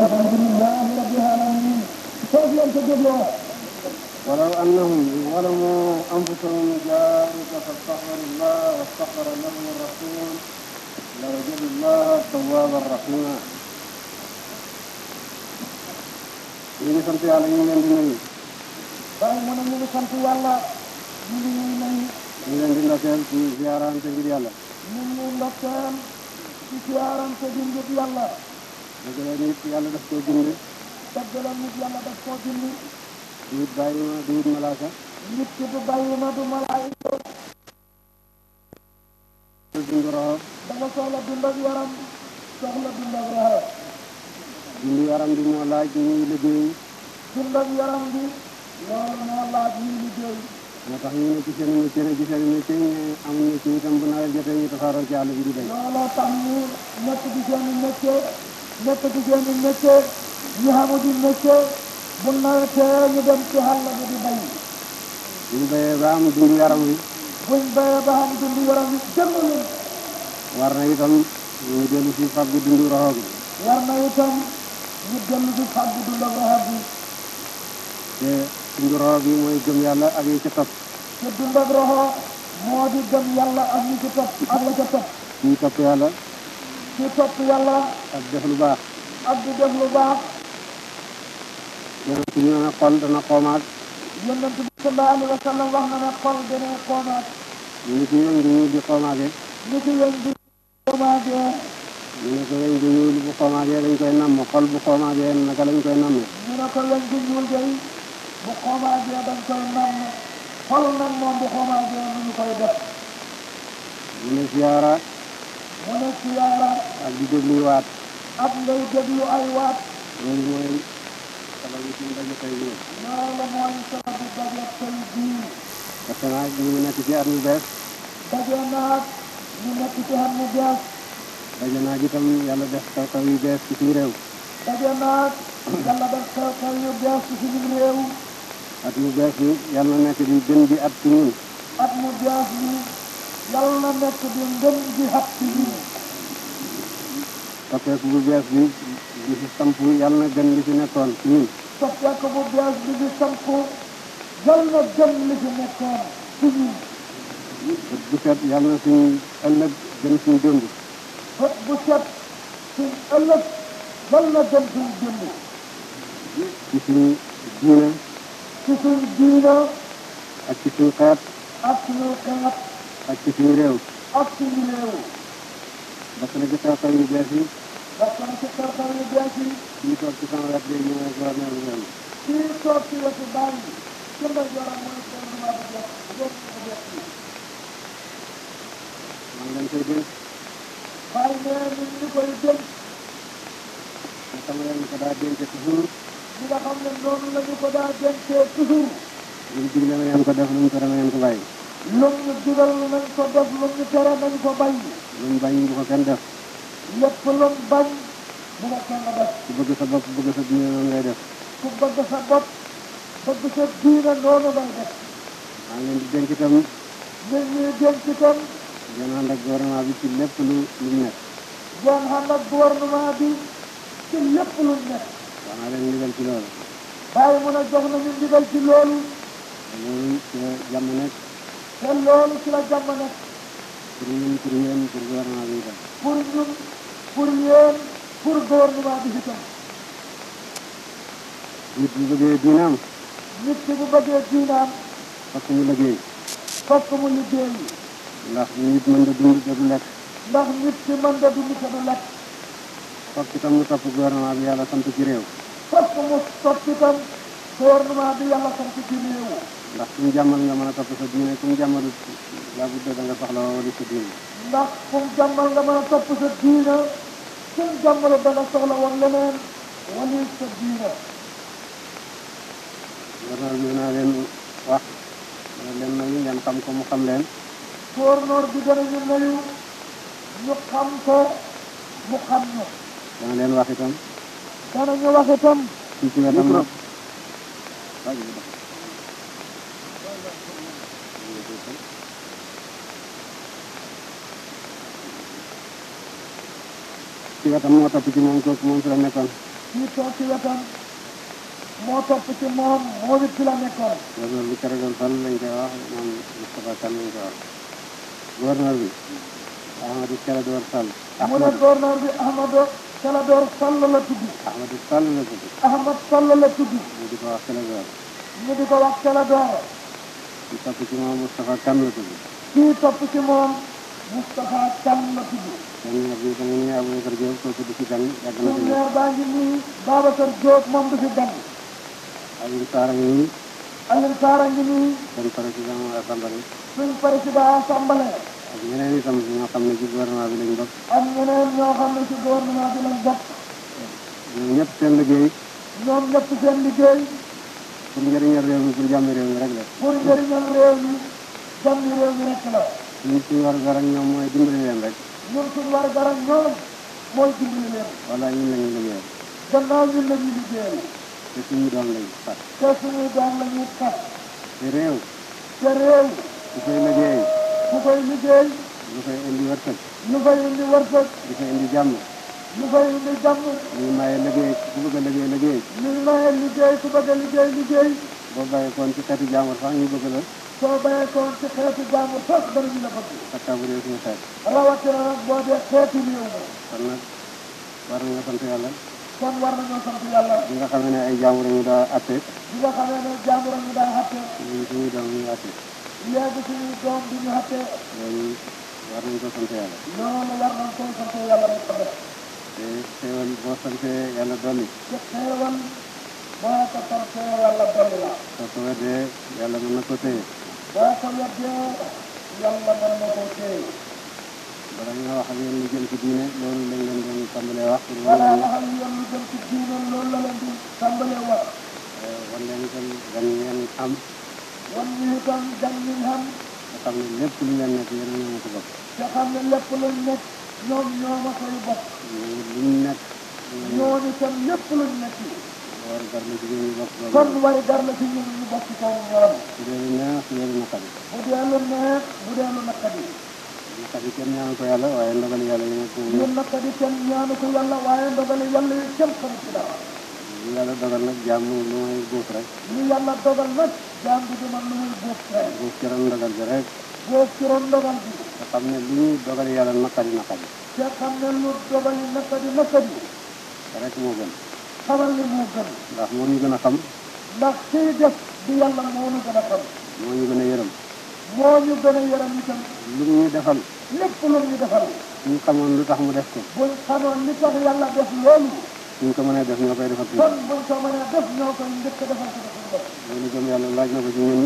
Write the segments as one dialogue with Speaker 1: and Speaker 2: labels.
Speaker 1: alhamdulilah rabbil alamin foofu lañ ko dégloo
Speaker 2: walaw annahum zalamu anfusahum jaa'uuka fastaxfaru llah wastaxfara lahum rasul la wajadu llaha tawwaban rahima ñu ngi sant yàlla ñu ngi leen di nuyu waaye
Speaker 1: mu ne ñu ngi sant yàlla ñu ngi ñuy nuyu ñu
Speaker 2: ngi leen di ndokkeel ci ziarante ngir yàlla
Speaker 1: ñu ngi ndokkeel ci ziarante ngir yàlla
Speaker 2: dëgg la nit yàlla daf koo bind.
Speaker 1: la nit yàlla daf koo bind.
Speaker 2: ma duut malaaka.
Speaker 1: nit ki soxla dund yaram. soxla dund ak roxo.
Speaker 2: dund yaram bi moo laaj ñuy liggéey.
Speaker 1: dund ak yaram bi. loolu moo laaj ñuy liggéey.
Speaker 2: moo tax ñu ne ci seen métier ne ci seen métier ñu am métier itam bu nawet
Speaker 1: jotee ñu tasaaroo ci àll bi di béy. looloo tax ñu nekk ci seen métier. nekk jigéen ñi métier ñu xamu di métier bu nawetee ñu dem ci xàll bi di bay.
Speaker 2: buñ bayee ba am dund yaram wi.
Speaker 1: buñ bayee ba am dund yaram wi jënd leen.
Speaker 2: war na itam ñu dellu si fab bi dund roxo bi.
Speaker 1: war na itam ñu dellu si fab bi dund roxo bi.
Speaker 2: te dund roxo bi mooy gëm yi ci topp.
Speaker 1: te dund roxo moo di gëm yàlla ak yi ci topp
Speaker 2: ak la ca topp. ci topp yàlla ak def lu baax ak di def lu baax yonent bi nee na xol dana xoomaat yonent bi sallallahu alayhi wa sallam wax na ne xol dana xoomaat ñu ci weñ gu ñuul di xoomaatee ñu ci weñ di xoomaatee ñu ne ko weñ gu ñuul bu xoomaatee dañ koy namm xol bu xoomaatee naka lañ koy namm
Speaker 1: ñu ne ko weñ gu ñuul day bu xoomaatee dañ koy namm xol nag moom bu xoomaatee nu ñu koy def
Speaker 2: ñu ne siyaara
Speaker 1: a ne siyaara ak
Speaker 2: di déglu waat
Speaker 1: ak ngay déglu ay waat loolu mooy sabab yi suñu daje tey bii loolu mooy sabab yi daje tey bii
Speaker 2: parce que nag ci mu bees
Speaker 1: daje naag ñu nekk ci at mu bees
Speaker 2: daje naag itam yàlla def taw bees ci suñu réew
Speaker 1: daje naag yàlla def taw taw bees ci suñu réew
Speaker 2: at mu bees yi yàlla nekk di gën di ci ñun
Speaker 1: at mu bees yi yàlla na nekk di ngëm di xat ci ñun.
Speaker 2: soppeeku bu bees bi di fi sampu yàlla na gën li fi nekkoon ci ñun.
Speaker 1: soppeeku bu bees bi di sampu yàlla na gën li fi nekkoon ci ñun.
Speaker 2: bët bu set yàlla na suñu ëllëg gën suñu démb.
Speaker 1: bët bu set suñu ëllëg yàlla na gën suñu démb.
Speaker 2: ci suñu diina.
Speaker 1: ci suñu diina.
Speaker 2: ak ci suñu xeet.
Speaker 1: ak suñu xeet. ak ci suñu réew. ak suñu réew.
Speaker 2: bokk na ci xew-xew yu bees yi.
Speaker 1: bokk na ci xew-xew yu bees yi.
Speaker 2: ñu toog ci sama wet léegi ñu ngi gouverneur bu réew.
Speaker 1: kii toog ci wetu bàyyi bi. Sëmba Joor mooy gouvernement bu bees yëpp bu bees yi.
Speaker 2: maa ngi leen koy dénk.
Speaker 1: bàyyi nee ñu ñu koy dénk. nga xam ne ñu ko daa dénk toujours. li nga xam ne noonu la ñu ko daa dénkee toujours.
Speaker 2: ñu digle ma yéen ko def lu mu ko dama yéen ko bàyyi.
Speaker 1: lu ñu digal nañ ko def lu ñu tere nañ
Speaker 2: ko bañ. lu ñu bañ bu ko kenn def. lépp lu ñu bañ bu ko kenn def. ku bëgg sa bopp bëgg sa diine noonu ngay def. ku bëgg sa bopp bëgg sa diine noonu ngay def. maa ngi leen di dénk itam. ñu ngi dénk itam. ngeen ànd ak gouvernement bi ci lépp lu lu mu nekk. ngeen ànd ak gouvernement bi ci lépp lu mu nekk. wax na leen ndigal ci loolu. bàyyi mun a jox nañu ndigal ci loolu. loolu ci jàmm nekk. kon loolu ci la jàmm nekk.
Speaker 1: pour ñun pour yéen pour gouvernement bi itam.
Speaker 2: pour ñun pour yéen pour gouvernement bi itam. nit bu bëggee diinaam.
Speaker 1: nit ki bu bëggee
Speaker 2: diinaam. parce que mu liggéey. parce que mu liggéey. ndax nit mën da dund te du lekk. ndax nit ki mën da dund te du lekk. parce que tam mu topp gouvernement bi yàlla sant ci réew.
Speaker 1: parce que mu topp itam gouvernement bi yàlla sant ci réew.
Speaker 2: ndax kum jàmmal nga mën a topp sa diine kum jàmmal
Speaker 1: laa budda da nga soxla wala sa mën a topp sa diine kum jàmmal da nga soxla woon leneen wala sa diine
Speaker 2: gouverneur bi naa leen wax dana leen nayu ngeen xam ko mu xam leen
Speaker 1: gouverneur bi danañu nayu ñu xam ko mu xam ñu
Speaker 2: dana leen wax itam
Speaker 1: danañu wax itam ci ci wetam nag
Speaker 2: ci wetam moo topp ci moom kooku moom fi la nekkoon.
Speaker 1: kii toog ci wetam moo topp ci moom moom it fi la nekkoon. gouverneur
Speaker 2: bi keroog fan lañ koy wax moom Moustapha Kane lañ koy wax gouverneur bi.
Speaker 1: Ahmadou Calador Sall. mu ne gouverneur bi Ahmadou Calador Sall la tudd. Ahmadou Sall la tudd. Ahmad Sall la tudd. ñu di ko wax Calador. ñu di ko wax Calador.
Speaker 2: kii topp ci moom Moustapha Kane la tudd. kii topp ci moom Moustapha Kane la tudd. kon nag ñu tamit nuyu Aboubacar Diop kooku du fi gan yàgg na fi ñëw baa ngi nuyu Babacar Diop moom du fi gan Alioune Sarr a ngi nuyu Alioune Sarr a ngi nuyu suñ président Sambale suñ président Sambale ak ñeneen itam ñoo xam ne ci gouvernement bi lañ bokk ak ñeneen ñoo xam ne ci gouvernement bi lañ bokk ñoom ñëpp seen liggéey ñoom ñëpp seen liggéey pour njëriñal réew mi pour jàmmi réew mi rek la pour njëriñal réew mi jàmmi réew mi rek la ñu ci war a dara ñoom mooy dimbali leen
Speaker 1: rek ñoom seen war dara ñoom mooy dimbali leen. wala ñun la ñuy liggéeyal. gannaaw ñun la ñuy liggéeyal. te suñu doom lañuy fat. te suñu doom lañuy fat.
Speaker 2: te réew. te réew. ku koy liggéey. ku koy liggéey. lu koy indi wërsëg. lu koy indi wërsëg. lu koy indi jàmm. lu koy indi jàmm. ñuy bëgg a liggéey liggéey. a liggéey liggéey. boo bàyyi koon ci kati jàmbur sax ñu bëgg soo bayee koon ci xeetu jaamu sos danañu la fagg. bakkaar bu dee suñu xeet. rawatina nag boo dee xeetu réew mi. kon nag war nañoo sant yàlla. kon war nañoo sant yàlla. bi nga xam ne ay jaamu lañu daa atte. bi nga xam ne jaamu lañu daa atte. ñun suñuy doom ñu atte. léegi suñuy doom du ñu atte. loolu war nañu ko sant yàlla.
Speaker 1: loolu war nañu koy sant yàlla rek ko def.
Speaker 2: boo santee yàlla dolli.
Speaker 1: te xéewal boo ko yàlla dolli la.
Speaker 2: soo ko weddee yàlla
Speaker 1: boo ko yebbee yàlla mën na koo téye.
Speaker 2: bala ñoo wax ak yéen lu jëm ci diine loolu lañ leen doon tàmbalee wax. pour wax ak
Speaker 1: yéen lu jëm ci diine loolu la leen di tàmbalee wax.
Speaker 2: Eh, wan leen itam gan ngeen am. wan ñu itam gan ngeen am. nga xam ne lépp lu ngeen nekk yéen ñoo ma ko bokk. nga xam ne
Speaker 1: lépp luñ nekk ñoom ñoo ma koy bokk. luñ nekk. ñooñu itam lépp luñ nekk. war gar na ci ñun bokk loolu. kon war gar na ci ñun ñu bokk ci seen yoon.
Speaker 2: bu dee lu neex bu dee lu naqari. bu dee lu neex bu dee lu naqari. naqari kenn ñaanu ko yàlla waaye ndogali yàlla yi nag. ñu naqari kenn ñaanu ko yàlla waaye ndogali yàlla yi kenn xamu ci dara. li yàlla dogal nag jàmm lu muy góob rek. li yàlla dogal nag jàmm bi dama lu muy góob rek. góob ci ron ndogal bi rek. góob ci ron ndogal bi. te xam ne lu ñuy dogal yàlla naqari naqari. te xam ne lu dogal naqari naqari. rek moo gën. xamal ni moo gën. ndax moo ñu gën a xam. ndax kii def di yàlla moo ñu gën a xam. moo ñu gën a yërëm. moo ñu gën a yërëm itam. lu mu ñu defal. lépp lu ñu defal. suñ xamoon lu tax mu def ko.
Speaker 1: buñ xamoon li tax yàlla def loolu.
Speaker 2: suñ ko mënee def ñoo koy defal. kon
Speaker 1: buñ ko mënee def ñoo koy njëkk a defal ko def.
Speaker 2: loolu gëm yàlla laaj na ko ci ñun.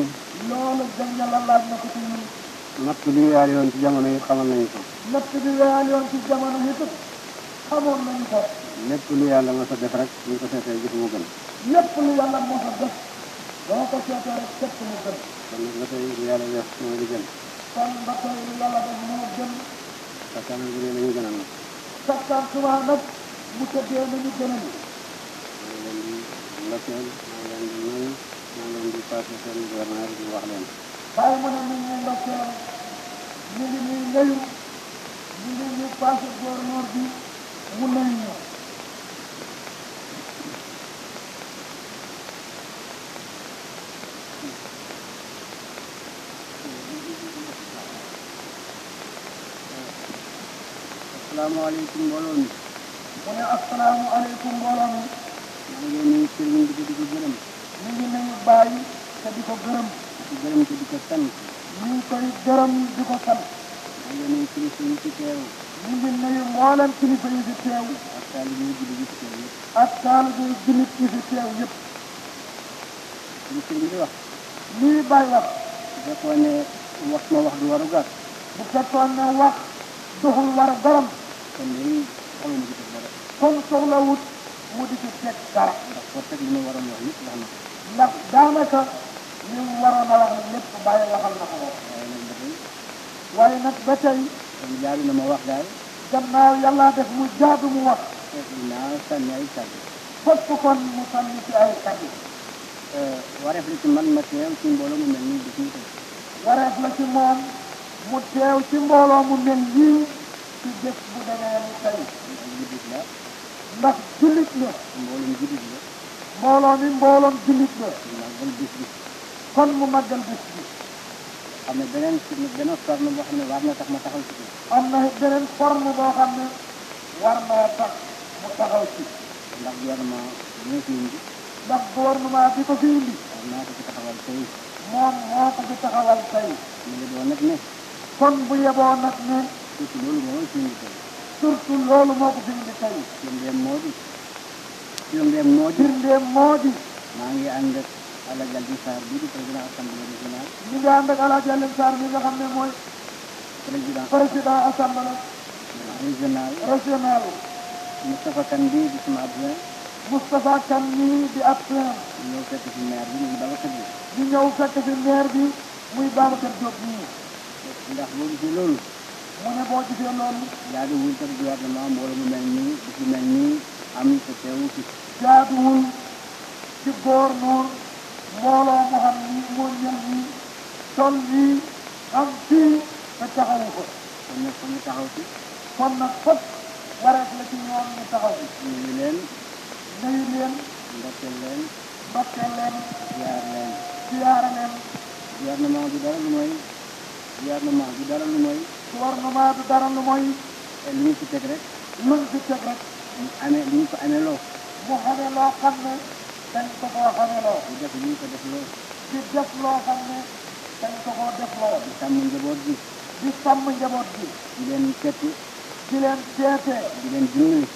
Speaker 1: loolu gëm yàlla laaj na ko ci ñun.
Speaker 2: natt bi weer yoon ci jamono yi xamal nañu ko.
Speaker 1: natt bi weer yoon ci jamono yi xamoon nañu ko.
Speaker 2: nekk lu yàlla mos a def rek ñu ko seetee gis mu gën. lépp lu yàlla mos a def doo ko seetee rek képp mu gën. kon nag tey lu yàlla def mooy ba tey lu yàlla def moo gën. sakkanam bi la ñu gën a nag. sakkan subaa nag mu tëddee nañu gën a nag. maa ngi leen di ndokkeel maa ngi leen di di passé seen gouverneur
Speaker 1: di wax leen. bàyyi ma ne ñu mu nuyu asalaamaaleykum mbooloo mi. mu ne asalaamaaleykum mbooloo mi. maa ngi nuyu sëriñ bi te di ko gërëm. ñu ngi nuyu bàyyi te di ko gërëm. di di ko sant. ñu ngi koy gërëm di ko sant. maa ngi nuyu kilifa yi ci teew. ñu ngi nuyu mboolem kilifa yi ci teew. yi jullit yi ci teew yëpp. ak taalibe yi jullit wax. lii bàyyi bu fekkoon ne wax ma wax du waru gar. kon léegi soxla mu di teg dara. kon soxlawut mu di teg dara. ndax soo teg li mu waroon wax yëpp wax na ko. ndax daanaka li mu waroon a wax lépp bàyyi waxal na ko wax. waaye nag ba tey. kon jaadu na ma wax daal. gannaaw yàlla def mu jaadu mu wax. naa sànni ay kàddu. fokk kon mu sànni ci ay kàddu. Euh, wareef la ci man ma teew ci mbooloo mu mel nii bis ñu wareef la ci moom mu teew ci mbooloo mu mel nii. ci jëf bu demee mu tey. ndax jullit la. mbooloom jullit la. mbooloo mi mbooloom jullit la. màggal bis bi. kon mu màggal bis bi. am na beneen beneen forme boo xam ne war na tax ma taxaw ci. am na beneen forme boo xam ne war naa tax mu taxaw ci. ndax gouvernement ñoo fi indi. ndax gouvernement bi ko fi indi. moo ko fi taxawal tey. moom moo ko fi taxawal tey. mu yeboo nag ne. kon bu yeboo nag ne. surtout loolu moo fi indi tey. surtout loolu moo ko fi indi tey. firndeem moo di. firndeem moo di. firndeem moo di. maa ngi ànd ak El Hadj Alioune Sarr bii di président assemblée nationale. ñu ngi ànd ak El Hadj Alioune Sarr mi nga xam ne mooy. président président assemblée. régional régional. Moustapha Kane bii di sama adjoint. Moustapha Kane mii di adjoint. ñu ñëw fekk si maire bi muy Babacar Diop. ñu ñëw fekk si maire bi muy Babacar Diop bii. ndax boo gisee loolu. mu ne boo gisee loolu. jaaduwul sax gouvernement mbooloo mu mel nii su mel nii am sa teewu ci. jaaduwul ci góor nuur mbooloo mu xam ni moo ñëw nii toll nii am fii te taxawu ko. kon nag foog ñu taxaw ci. kon nag foog wareef la ci ñoom ñu taxaw ci. nuyu leen. nuyu leen. ndokkeel leen. ndokkeel leen. ziar leen. ziar leen. gouvernement bi dara lu mooy. gouvernement bi dara lu mooy. gouvernement du dara lu mooy. lu ñu ci teg rek. lu ñu ci teg rek. mu amee lu ñu ko amee loo. mu xamee loo xam ne dañ ko koo xamee loo. di def lu ñu ko def loo. di def loo xam ne dañ ko koo def loo. di sàmm njaboot bi. di sàmm njaboot bi. di leen seeti. di leen seete. di leen dimbali.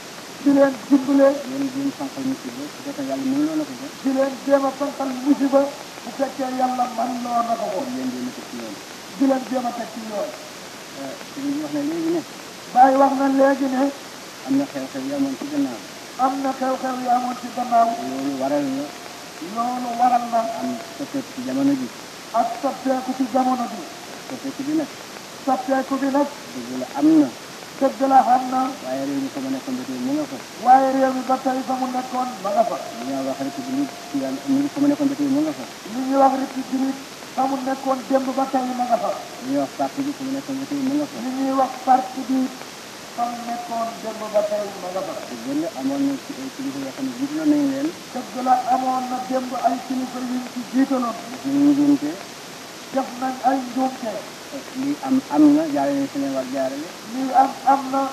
Speaker 1: di leen dimbale. di leen jéem fanqal musiba bu fekkee yàlla mën loo na ko def. di leen jéem a fanqal musiba bu fekkee yàlla mën loo na ko ko. di leen jéem a teg ci yoon. di leen jéem a teg ci yoon. sëriñ wax na léegi ne. Baye wax na léegi ne. am na xew-xew yu amoon ci gannaaw. am na xew-xew yu amoon ci gannaaw. loolu waral na. loolu waral na. am soppeeku ci jamono ji. ak soppeeku ci jamono ji. soppeeku bi nag. soppeeku bi nag. dëgg la am na. dëgg la xam na waaye réew mi fa mu nekkoon ba tey mu nga fa waaye réew mi ba tey fa mu nekkoon ma nga fa li ñuy wax rek jullit ci yàlla mu fa mu nekkoon ba tey mu nga fa li ñuy wax rek ci jullit fa mu nekkoon démb ba tey ma nga fa. wax parti bi fa mu nekkoon ba tey ma nga fa. li ñuy wax parti bi fa mu nekkoon démb ba tey ma nga fa. dëgg la amoon na ci ay kilifa yoo xam ne jiitaloo nañ leen. dëgg la amoon na démb ay kilifa yuñ ci jiitaloon. def nañ njuumte. def nañ ay njuumte. li am am na jaarale fi leen war jaarale. lii am am na a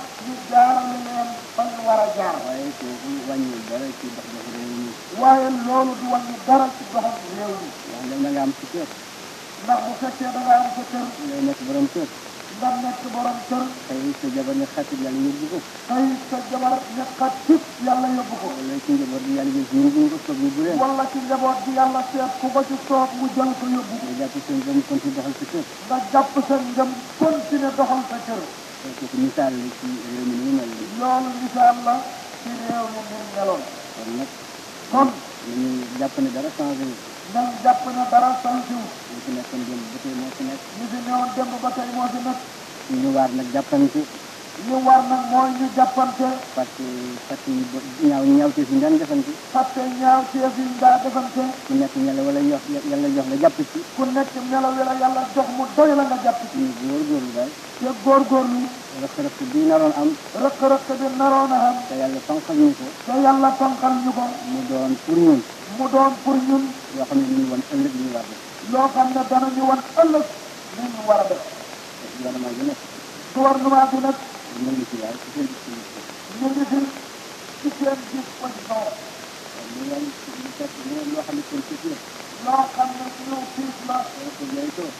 Speaker 1: jaarale leen fan war a jaar. waaye kooku wàññi dara ci dox dox réew mi. waaye loolu du wàññi dara ci doxam réew mi. ndax da nga am ci kër. ndax bu fekkee da ngaa am sa kër. ngay nekk borom kër. ndax nekk borom kër. tey sa jabar ne xatit yàlla yóbbu ko. tey sa jabar ne xatit yàlla yóbbu ko. wala ci njaboot bi yàlla jël jiw bu ko soob yóbbu leen. wala ci njaboot bi yàlla seet ku ko ci soob mu jël ko yóbbu. nga jàpp seen ngëm continué doxal sa kër. nga jàpp seen ngëm continué doxal sa kër. kooku misaal la ci réew mi ni mu mel nii. loolu misaal la ci réew mi ni mu meloon. kon nag. kon. ñu jàpp ne dara changé ñoom jàpp na dara sànqiwul. li fi nekkoon démb ba tey moo fi nekk. li ba tey moo fi nekk. ñu waat nag jàppanti. ñu war nag mooy ñu jàppante. fàtte fàtte ñaaw ñaaw teef yi ñu daan defante. fàtte ñaaw teef yi ku nekk nelaw wala yox yàlla jàpp ci. ku nekk nelaw wala yàlla jox mu doy la nga jàpp ci. ñu góorgóorlu daal. te góorgóorlu. rëq-rëq bi naroon am. rëq-rëq bi naroon a am. te yàlla fanqal ñu ko. te yàlla fanqal ñu ko. mu doon pour ñun. mu doon ñu war a def. loo xam ne danañu wan ëllëg li ñu war a def. gouvernement bi nag. gouvernement bi mu ngi ci waay ci seen mu ngi fi ci seen disposition. mu ngi am lu fekk loo xam ne politique la. loo xam ne ñëw fiis la. dana ko jooytoo.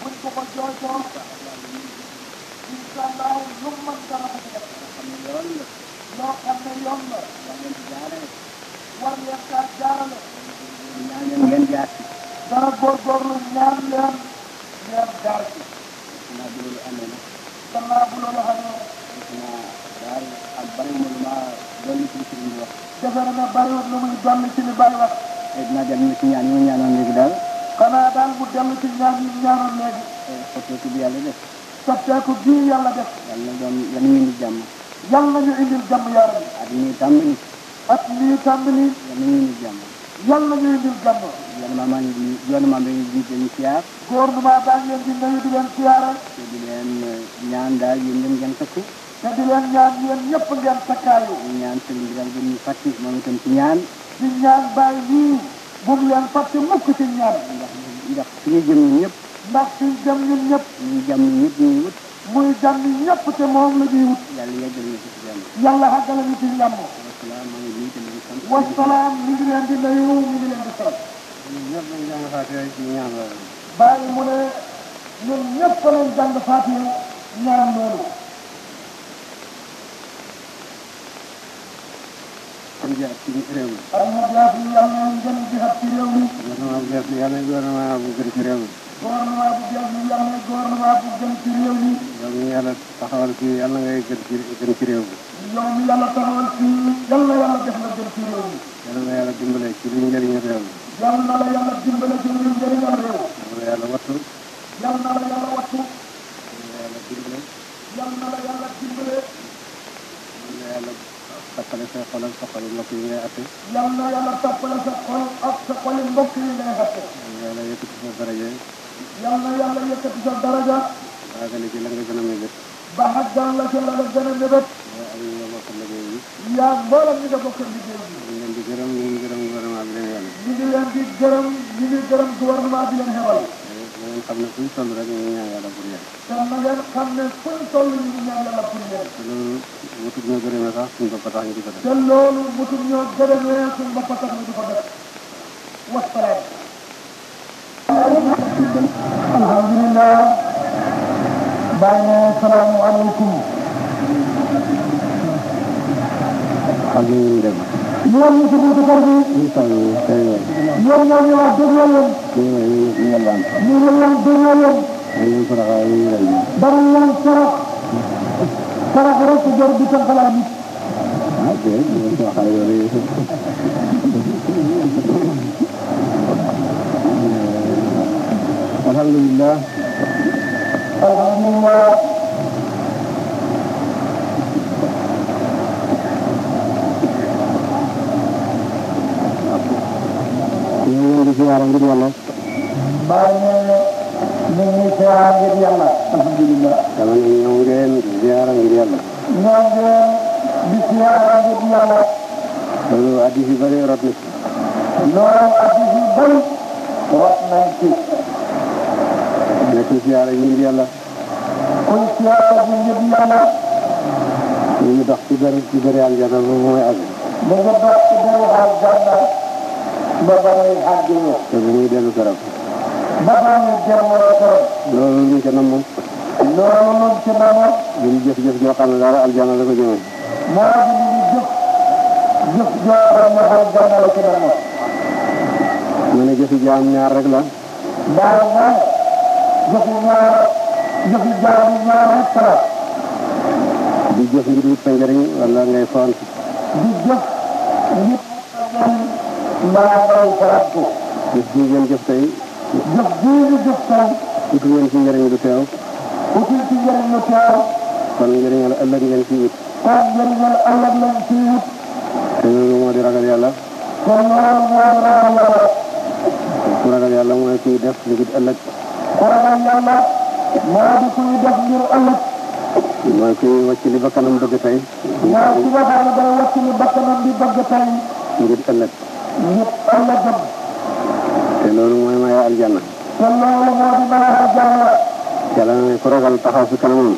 Speaker 1: buñ ko ko jooytoo. incha allah lu mu mën dara ko ci def. loo xam ne yoon la. loo xam ne yoon la. war ngeen ci jaarale. war ngeen kaa jaarale. ñaan leen ngeen jaar ci. dana góorgóorlu ñaan leen ngeen jaar ci. naa déglu amee na. gannaaw bu loolu xamee. daal ak bëriwul ma dolli ci ci li wax. defe naa ne bëriwul lu muy dolli ci li bàyyi wax. tey dinaa dem ci ñaan yi ma ñaanoon léegi daal. xanaa daal mu dem ci ñaan yi ñaanoon léegi. soppeeku bi yàlla def. soppeeku bii yàlla def. yàlla doon yàlla ñu indi jàmm. yàlla ñu indil jàmm yaa rabbi. at mii tàmbali. at mii tàmbali. yàlla ñu indi jàmm. yàlla ñu indil jàmm. gouvernement maa ngi di gouvernement bi di leen siyaar. gouvernement baa ngi leen di nuyu di leen siyaaral. te di leen eh, ñaan daal yéen ñëpp ngeen takku. te di leen ñaan yéen ñëpp ngeen takkaayu. di ñaan sëriñ bi daal bu ñu fàtte moom ci ñaan. di ñaan bàyyi yii bu mu leen fàtte mukk ñaan. ndax si suñu jëm ñun ñëpp. ndax suñu jëm ñun ñëpp. muy jàmm ñëpp ñuy wut. muy jàmm ñëpp te moom la ñuy wasalaam mi ngi leen di nuyu mi ngi leen di sant.
Speaker 2: ñun ñëpp nañ jàng Faatiha ci ñaan
Speaker 1: loolu. bàyyi mu ne ñun ñëpp nañ jàng Faatiha ñaan loolu. am jaaf ci réew mi. am na jaaf yi yàlla na ngeen jëf ci réew mi. gouvernement bu
Speaker 2: bees bi yàlla na gouvernement bu gën ci réew mi.
Speaker 1: gouvernement bu bees bi yàlla na gouvernement bu gën ci réew mi.
Speaker 2: yow mi yàlla taxawal fii yàlla ngay gën ci gën ci réew mi.
Speaker 1: yow mi yàlla taxawal fii yàlla na yàlla def na gën ci réew mi.
Speaker 2: yàlla na yàlla dimbale ci luy njëriñal réew mi.
Speaker 1: yàlla na la yàlla dimbale ci luy njëriñal réew. yàlla na yàlla wattu. yàlla na la yàlla wattu. yàlla na yàlla dimbale. yàlla na la yàlla dimbale. yàlla na yàlla tappale sa xol ak sa xol mbokk yi ngay atte. yàlla na yàlla tappale sa xol ak sa xol mbokk yi ngay atte. yàlla yëkkati sa
Speaker 2: daraja yal na yàlla yëkkati sa daraja. baagale ci la nga gën a mébét. ba xajjal la ci la nga gën a mébét. waaw ak ñi nga bokk liggéey bi. yaa mboolam ñi nga bokk liggéey bi. ñu ngi leen di gërëm ñu ngi gërëm gouvernement bi leen yore. ñu ngi leen di gërëm ñu ngi gërëm gouvernement bi leen xewal. na ngeen xam ne fu ñu toll rek ñu ngi ñaan yàlla pour yéen. te na ngeen xam ne fu ñu toll ñu ngi ñaan yàlla pour yéen. te loolu mutum ñoo
Speaker 1: gërëmee sax suñ bopp tax ñu di ko def. te loolu mutum ñoo gërëmee suñ bopp tax ñu di ko def wasalaam alhamdulilah bàyyi salaamualeykum
Speaker 2: ñu war ñu suñu defar bi. ñoom ñoo ñu wax dëgg yàlla. ñu ngi leen dëgg yàlla. bari leen sarax. sarax rek jor bi tànqalaat bi. alhamdulillah alhamdulillah ñu ngi leen di siyaara ngir yàlla mbaa ñu ngi siyaara ngir yàlla alhamdulillah dama ne ñoo ngi leen di siyaara ngir yàlla ñoo ngi leen di siyaara ngir yàlla loolu addis yu bëri rot na loolu
Speaker 1: addis yu bëri
Speaker 2: rot nañ ci ci siyaara ngir yàlla
Speaker 1: kuy siyaara bi ngir yàlla
Speaker 2: ñu ngi dox ci bëri ci bëri aljanna boobu mooy àgg ñu ngi dox ci bëri aljanna ba ba muy àgg te bu muy dellu këram ba ba muy dellu këram loolu ñu ca namm loolu ñu ca namm bu ñu jëf jëf joo xam ne dara aljanna la ko jëmee moo di ñu jëf jëf joo xam ne aljanna la ko jëmee ma ne jëfi jaam ñaar rek la jëfu ñaar jëfu jaamu ñaar rek la. di jëf ngir wut sa njëriñ wala ngay font. di jëf ngir wut sa njëriñ mbaa ngay farattu. jëf ji ngeen jëf tey. jëf ji ngeen jëf tey. ut ngeen ci njëriñ lu teew. utul ci njëriñ lu teew. kon njëriñal ëllëg ngeen ci wut.
Speaker 1: kon njëriñal ëllëg lañ ci wut.
Speaker 2: te loolu moo di ragal yàlla. kon loolu moo di ragal yàlla. ku ragal yàlla mooy kuy def ngir ëllëg. xaramal yàlla moo di kuy def ngir ëllëg. mooy kuy wàcc li bakkanam bëgg tey.
Speaker 1: mooy ki nga xam ne day wàcc li bakkanam di bëgg tey.
Speaker 2: ngir ëllëg. ngir ëllëgam. te loolu mooy maye aljanna. te loolu moo di maye aljanna. yàlla na ragal taxaw si kanamam.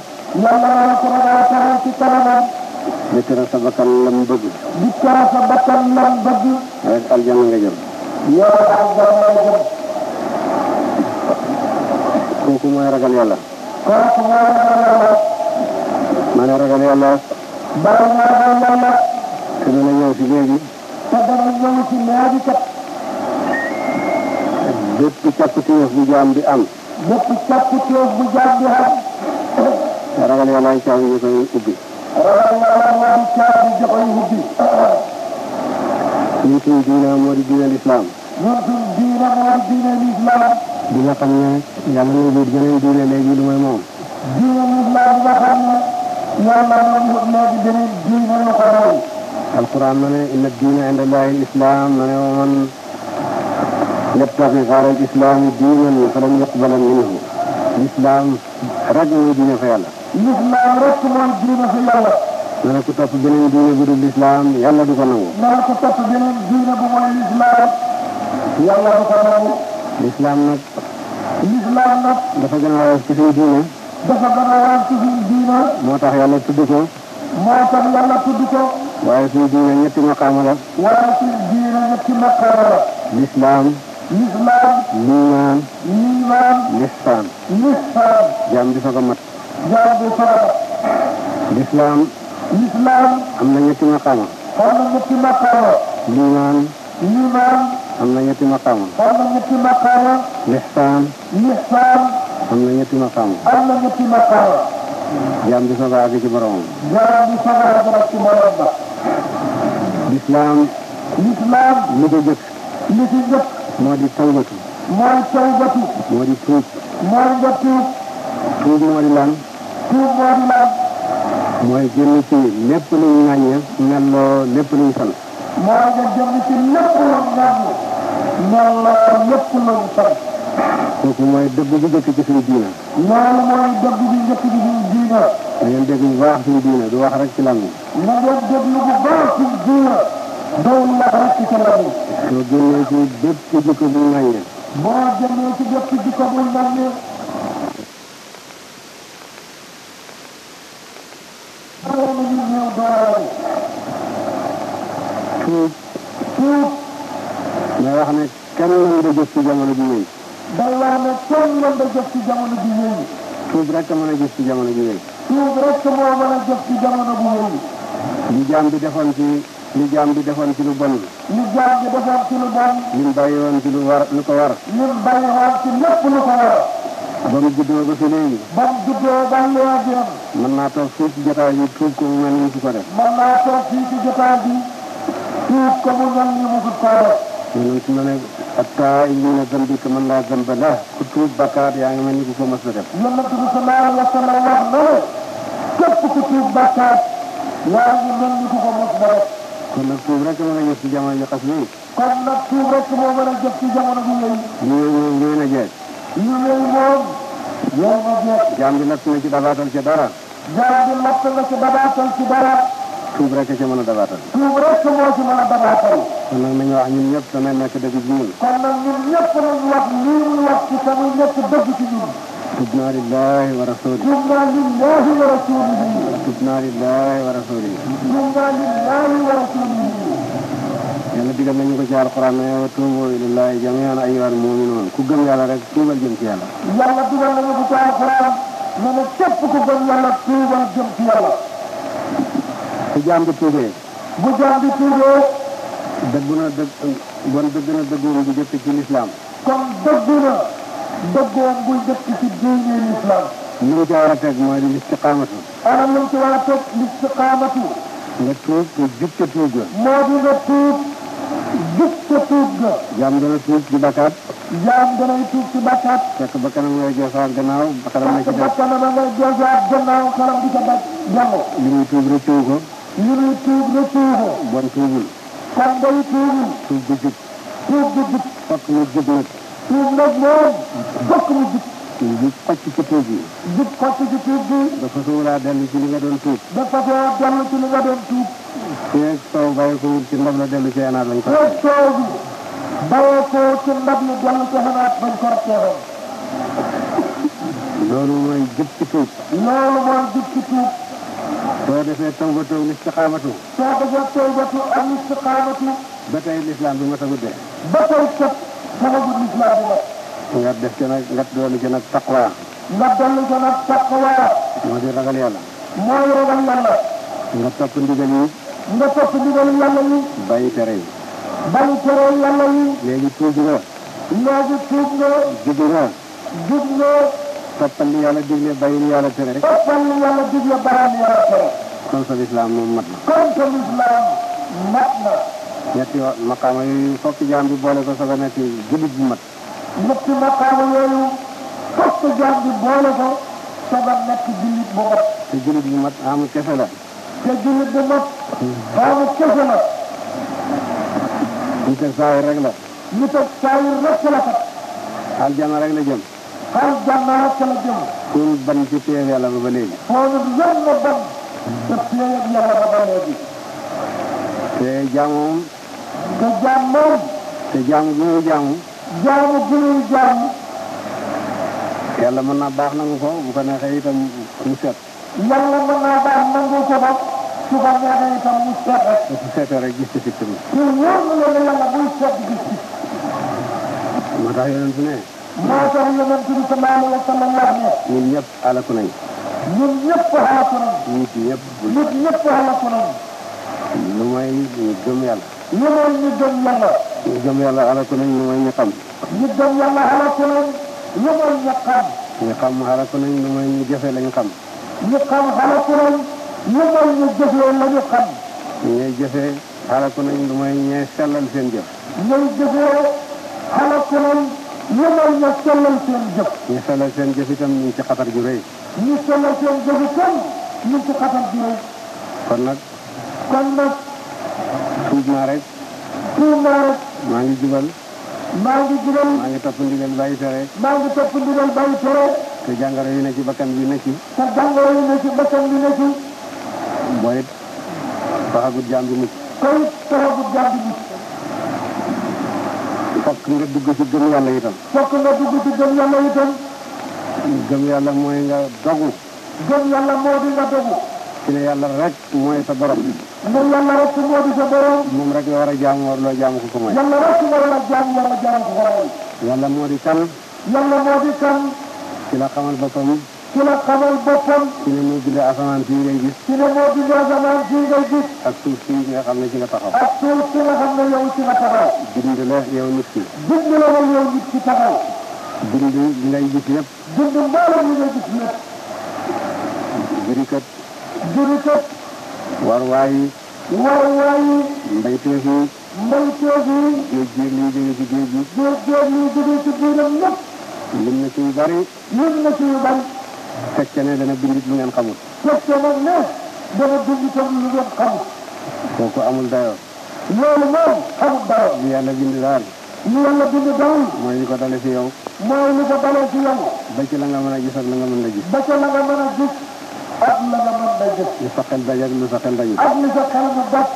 Speaker 2: yàlla na ragal taxaw si kanamam. di tere sa bakkan lam bëgg. di tere sa bakkan nga jëm. kooku mooy ragal ragal yàlla. ma ne ragal yàlla. bala nga ragal yàlla. si léegi. te dana ñëw si léegi kat. bu jaam bi am. bépp càkkutéef bu jaam bi am. te ragal yàlla ay caabi ñu koy ubbi. ragal yàlla caabi ñu koy ubbi. ñun suñu diina moo di diine lislaam. ñun di nga xam ne yàlla na biir yeneen diine léegi lu may moom. diine lislaam nga xam ne yàlla moom léegi beneen diine la ko moom. alquran ma ne inna diina inda llahi lislaam ma ne wa man yattaqi xaara lislaami diinan falan yuqbala minhu lislaam rek mooy diine fa yàlla. lislaam rek mooy
Speaker 1: diine fa yàlla.
Speaker 2: ma ne ku topp beneen diine bu dul lislaam yàlla du ko nangu.
Speaker 1: ma ne ku topp beneen diine bu mooy lislaam
Speaker 2: yàlla du ko nangu. lislaam nag.
Speaker 1: lislaam nag.
Speaker 2: dafa a woyof ci suñu diine.
Speaker 1: a woyof ci suñu
Speaker 2: moo tax yàlla tudd ko.
Speaker 1: moo tax yàlla tudd ko.
Speaker 2: waaye suñu diine ñetti maqaama la. waaye suñu
Speaker 1: diine ñetti maqaama
Speaker 2: la. lislaam. lislaam. liimaan. liimaan. lihsaan. lihsaan. jaam a mat. jaam bi lislaam. lislaam. am na ñetti maqaama. am na ñetti maqaama. liimaan. liimaan. am na ñetti maqaama.
Speaker 1: am na ñetti maqaama.
Speaker 2: lixsaan. lixsaan. am na ñetti maqaama.
Speaker 1: am na ñetti maqaama.
Speaker 2: jaam bi soog a àgg ci boromam. jaam
Speaker 1: bi soog a àgg ci borom ba.
Speaker 2: lislaam. lislaam. li ko jëkk. li ci jëkk. moo di tawbatu. mooy tawbatu. moo di tuub. mooy nga tuub. tuub moo di lan.
Speaker 1: tuub moo di lan.
Speaker 2: mooy génn ci lépp luñ ŋàññe. ñelloo lépp luñ sant. mooy nga jëm ci lépp luñ ŋàññe. ñaan na ko ñëpp lañu sori. kooku mooy dëgg bi njëkk ci suñu diina. loolu mooy dëgg bi njëkk ci suñu diina. da ngeen dégg bu baax suñu diina du wax rek ci lan la. na ngeen déglu bu baax suñu diina. doon wax
Speaker 1: rek ci lan la.
Speaker 2: soo génnee ci bépp jikko bu ñu naan
Speaker 1: boo génnee ci bépp jikko bu ñu
Speaker 2: a jëf bi yooyu.
Speaker 1: balaa ne kenn ngeen di jëf ci bi yooyu.
Speaker 2: tuub rek mën a jëf ci jamono bi yooyu.
Speaker 1: tuub rek moo
Speaker 2: a jëf ci jamono bi yooyu. li jaam ci lu bon. li jaam bi defoon ci lu bon. lim bàyyi woon ci lu war lu ko war. lim bàyyi woon ci lépp lu ko war. ba mu juddoo ba fi léegi. ba mu
Speaker 1: juddoo ba léegi.
Speaker 2: mën naa toog fii ci jotaay bi tuub ko mu mel mu ko def.
Speaker 1: naa toog fii ci jotaay bi tuub ko mu mel mu ko
Speaker 2: yonent ma ne hatta inna zambika man laa zamba la ku tuub bakkaar yaa ngi mel ni ku ko mës a def. yonent bi sallallahu alayhi wa sallam wax na ne képp ku tuub bakkaar yaa ngi mel ni ku ko mës a def. kon nag tuub rek mën a jëf ci jamono ji xas nii.
Speaker 1: kon nag tuub rek moo mën a jëf ci jamono ji yooyu.
Speaker 2: lii moom lii na jeex. lii moom lii na jeex. jaam bi natt na ci dabaatal ci dara.
Speaker 1: jaam bi natt
Speaker 2: na ci dabaatal ci dara. tuub rek ci mën a dabaatal. tuub rek moo ci mën a dabaatal. kon nag nañu wax ñun ñëpp dana nekk dëgg ci ñun. kon nag ñun ñëpp nañu wax lii ñu wax ci sama ñëpp dëgg ci ñun. tubnaa lillahi wa rasulihi. tubnaa lillahi wa rasulihi. tubnaa lillahi wa rasulihi.
Speaker 1: tubnaa lillahi wa rasulihi.
Speaker 2: yàlla digal nañu ko ci alquran ne wa tuubu ilallahi jamii'an ayyuhal mu'minuun ku gëm yàlla rek tuubal jëm ci yàlla. yàlla digal nañu ko ci alquran ne ne képp ku gëm yàlla tuubal jëm ci yàlla. bu jaam bi tuubee. bu jaam bi tuubee. dëgg na dëgg bon dëgg na dëggoon bu jëkk ci lislaam.
Speaker 1: kon dëgg na
Speaker 2: dëggoon bu jëkk ci diine lislaam. li mu ci war a teg mooy listiqaamatu. ana li mu ci war a teg listiqaamatu. nga tuub te jub ca tuub ga. moo di nga tuub jub ca tuub ga. jaam dana tuub ci bakkaat. jaam danay tuub ci bakkaat. fekk ba kanam ngay geesaat gannaaw ba kanam na ci def. fekk ba kanam ngay geesaat gannaaw xalam di ca daj. jàmm li muy tuub rëccu ko. ñu ne tuub na tuubu. bon tuubul. kon day tuub bu tuub bu jub. fokk mu jub nag. tuub nag moom. fokk mu jub. ci tuub bi. jub kocc ci tuub bi. dafa dellu ci li nga doon tuub. dafa soo dellu ci li nga doon tuub. feeg soow bàyyi ko ci ndab la la dellu ci xanaat bañ ko rafetoo. loolu mooy jub ci tuub. soo defee tawbatu ak istiqaamatu. soo defee tawbatu ak istiqaamatu. ba tey lislaam bi ma tagu dee. ba tey kat sababu lislaam bi la. nga def ci nag nga doon ci nag taqwa. nga doon ci nag taqwa. moo di ragal yàlla. mooy ragal yàlla. nga topp ndigal yi. nga topp ndigal yàlla yi. bàyyi tere yi. bàyyi tere yàlla yi. léegi tuub nga. léegi tuub nga. jub nga. jub nga. toppal li yàlla digle bàyyi li yàlla tere rek. toppal li yàlla digle bàyyi li yàlla tere. kon sa lislaam moom mat na.
Speaker 1: kon sa lislaam mat na.
Speaker 2: ñetti maqaama yooyu fokk jaam bi boole ko soog a nekk jullit bu mat. ñetti maqaama yooyu
Speaker 1: fokk jaam bi boole ko soog a nekk jullit bu mat.
Speaker 2: te jullit bu mat amu kese la.
Speaker 1: te jullit bu mat. amu kese la.
Speaker 2: ñu teg saa rek la. ñu teg saa rek la kat. aljana rek la jëm. xarit jàmmaar ak kala jëm. fóonu ban ci téye yàlla ba ba léegi. fóonu yan la ban.
Speaker 1: te téye yàlla ba ba léegi.
Speaker 2: te jaamu. te jaamu. te jaamu bi muy jaamu. jaamu bi muy jaamu. yàlla mën naa baax nangu ko bu ko neexee itam mu set. yàlla mën naa baax nangu ko ba su ko neexee itam mu set rek. te su seetee rek gis ci si tamit. te wóor na la yàlla muy set gis ci. moo tax yéen ne. moo tax yonent
Speaker 1: bi sallallahu alayhi wa sallam wax
Speaker 2: ne. ñun ñëpp alaku nañ. ñun ñëpp alaku nañ. nit ñëpp. nit ñëpp alaku nañ. lu may ñu gëm yàlla. lu may ñu gëm yàlla. ñu gëm yàlla alaku nañ lu may ñu xam. ñu gëm yàlla alaku nañ lu may ñu xam. ñu xam alaku nañ lu may ñu jëfe lañ xam. ñu xam alaku nañ lu may ñu jëfe lañu xam. ñooy jëfe alaku nañ lu may ñee sellal seen jëf. ñooy jëfe alaku nañ. yemal na sellal seen jëf. ñu sellal seen jëf itam ñu ngi ci xatar ju rëy.
Speaker 1: ñu sellal seen jëf itam ñu ngi ci xatar ju rëy. kon nag. kon nag.
Speaker 2: tuub naa rek. tuub naa rek. maa ngi jubal. maa ngi jubal. maa ngi topp ndigal bàyyi tere. maa ngi topp ndigal bàyyi tere. te jàngoro yi ne ci bakkan bi ne ci. te jàngoro yi ne ci bakkan bi ne ci. booy it. taxagut jaam bi mucc. koy
Speaker 1: taxagut jaam bi mucc.
Speaker 2: nga dugg ci gëm yàlla itam. fokk nga dugg ci gëm yàlla itam. gëm yàlla mooy nga dogu. gëm yàlla moo di nga dogu. ci ne yàlla rek mooy sa borom. moom yàlla rek moo di sa borom. moom rek nga war a jaamu war loo jaamu ko ko mooy. yàlla rek nga war a jaamu war a jaamu ko ko mooy. yàlla moo di kan. yàlla moo di kan. ci la xamal boppam. ci la xamal boppam. ci la ñuy bindee asamaan fii ngay gis. ci la moo bindee asamaan fii ngay gis. ak suuf fii nga xam ne ci nga taxaw. ak suuf si nga xam ne yow ci nga taxaw. bind la yow nit ki. bind la yow nit ki taxaw. bind li ngay gis yëpp. bind mboolem li ngay gis yëpp. jurikat. jurikat. waruwaay yi. waruwaay yi. mbayteef yi. mbayteef yi. géej géej liy jógee ci géej gi. géej géej liy jógee ci biiram ñëpp. lim na ci yu bari. lim na ci yu bari. fekke ne dana bindit lu ngeen xamul. fekke nag ne dana binditam lu ngeen xamul. kooku amul dayoo. loolu moom xamul dayoo. li yàlla bind daal. li yàlla bind daal. mooy li ko dale ci yow. mooy li ko dale ci yow. ba ci la nga mën a gis ak la nga mën a gis. ba ci la nga mën a gis ak la nga mën a gis. li sa xel daj ak lu sa xel dajul. ak li sa xel mu daj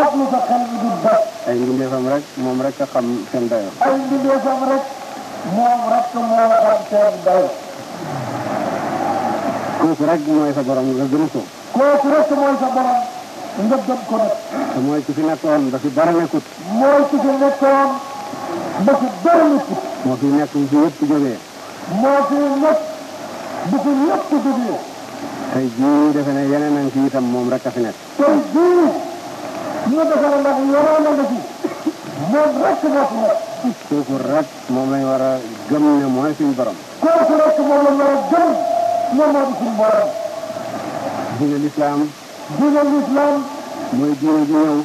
Speaker 2: ak lu sa xel mu dul daj. ay mbindeefam rek moom rek a xam seen dayoo. ay mbindeefam rek moom rek moo xam seen dayoo. kooku rek mooy sa borom nga gëm ko. kooku rek mooy sa borom nga gëm ko nag. te mooy ku fi nekkoon ba fi dara nekkut. mooy ku fi nekkoon ba fi dara nekkut. moo fi nekk bu fi yëpp jógee.
Speaker 1: moo fi nekk bu fi yëpp jógee.
Speaker 2: tey jii defe ne yeneen a ngi fi itam moom rek a fi nekk.
Speaker 1: tey jii ñu defe ne nag yeneen a ngi fi moom rek moo fi nekk.
Speaker 2: kooku rek moom lañ war a gëm ne mooy suñu borom.
Speaker 1: kooku rek moom lañ war a gëm. moom moo di suñu borom.
Speaker 2: diine lislaam. diine mooy diine ji ñëw.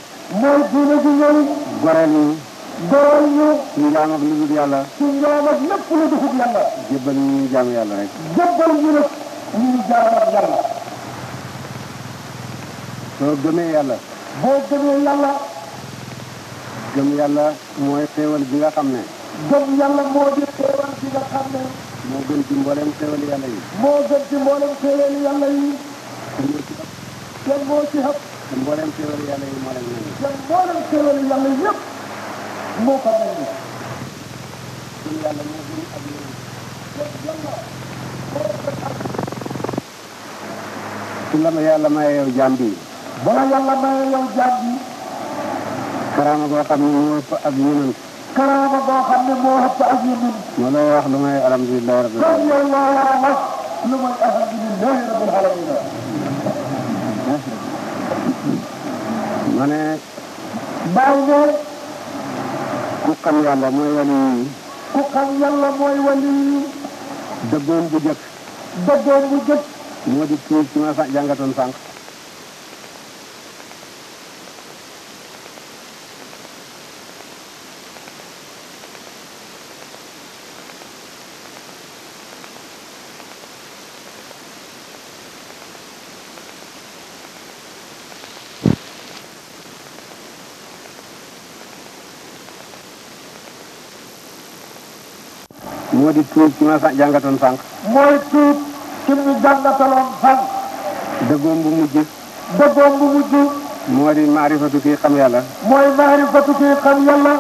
Speaker 2: mooy ñu. ñu. suñu jaam ak lu dul yàlla. ñu ñu jaamu yàlla rek. ñu ñu jaamu ak yàlla. soo gëmee yàlla. boo gëmee yàlla. gëm mooy xéewal bi nga xam ne. gëm yàlla moo di xéewal bi nga ne. moo gën ci mboolem xéwali yàlla yi. moo gën ci mboolem xéwali yàlla yi. kenn moo ci xëpp. te mboolem xéwali yàlla yi moo leen nangu. te mboolem xéwali yàlla yëpp moo ko nangu. suñu yàlla moo gën ak yéen. su la ma yàlla maye yow jaam bi. bala yàlla maye yow jaam bi. karaama boo xam ne moo ko ak yéen karaama boo xam ne moo ëpp ak yu mën. mënoo wax lu may alhamdulilah rabbil alamin. yow loo war a wax
Speaker 1: lu may alhamdulilah rabbil alamin.
Speaker 2: ma ne. baaw ne. ku xam yàlla mooy wali yi. ku xam yàlla mooy wali yi. dëggoon bu jëkk. dëggoon bu jëkk. moo di kii ci ma jàngatoon sànq. moo di tuub ci ma jàngatoon sànq. mooy tuub ci ñu jàngataloon sànq. dëggoom bu mujj. dëggoom bu mujj. moo di maarifatu kii xam yàlla. mooy maarifatu kii xam yàlla.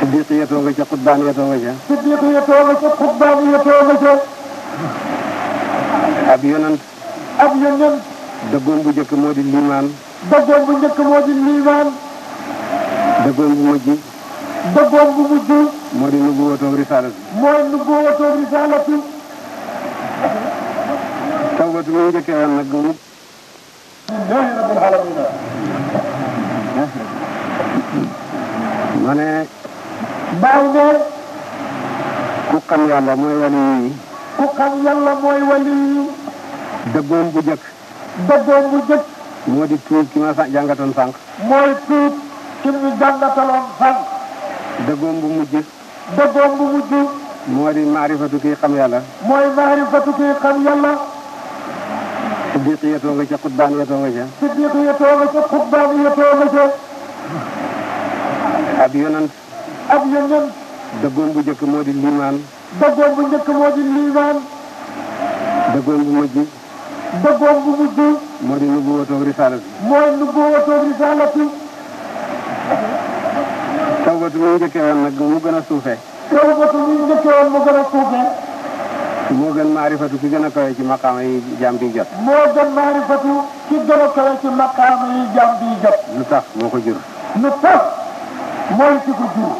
Speaker 2: siddiq yetoo nga ca xutbaan yetoo nga ca. nga ca xutbaan nga ca. ab yonent. ab yonent. dëggoom bu njëkk moo di liimaan. dëggoom bu njëkk moo di liimaan. dëggoom bu mujj. dëggoom bu mujj. moo di nu bu bu wotoog risaalatu. tawbatu mu njëkkee woon nag moom. ne. baaw ne. ku xam yàlla mooy wali ku xam yàlla mooy wali yi. dëggoom moo di tuub ki ma jàngatoon sànq. mooy tuub ki ñu jàngataloon sànq. dëggoom bu mujj. dëggoom bu mujj. moo di maarifatu kii xam yàlla. mooy maarifatu kii xam yàlla. siddiq yetoo nga ca xutbaan nga ca. ab yonent. ab yonent. dëggoom bu njëkk moo di liimaan. dëggoom bu njëkk moo mujj. dëggoom bu mujj. moo di nubuwatoog risaalati. tawbatu mu njëkkee woon nag mu gën a suufee. tawbatu mu njëkkee woon mu gën a suufee. moo gën maarifatu ki gën a kawe ci maqaama yi jàmm bi jot. moo gën maarifatu ki gën a kawe ci maqaama yi jàmm bi jot. lu tax moo ko jur. lu tax mooy ci ko jur.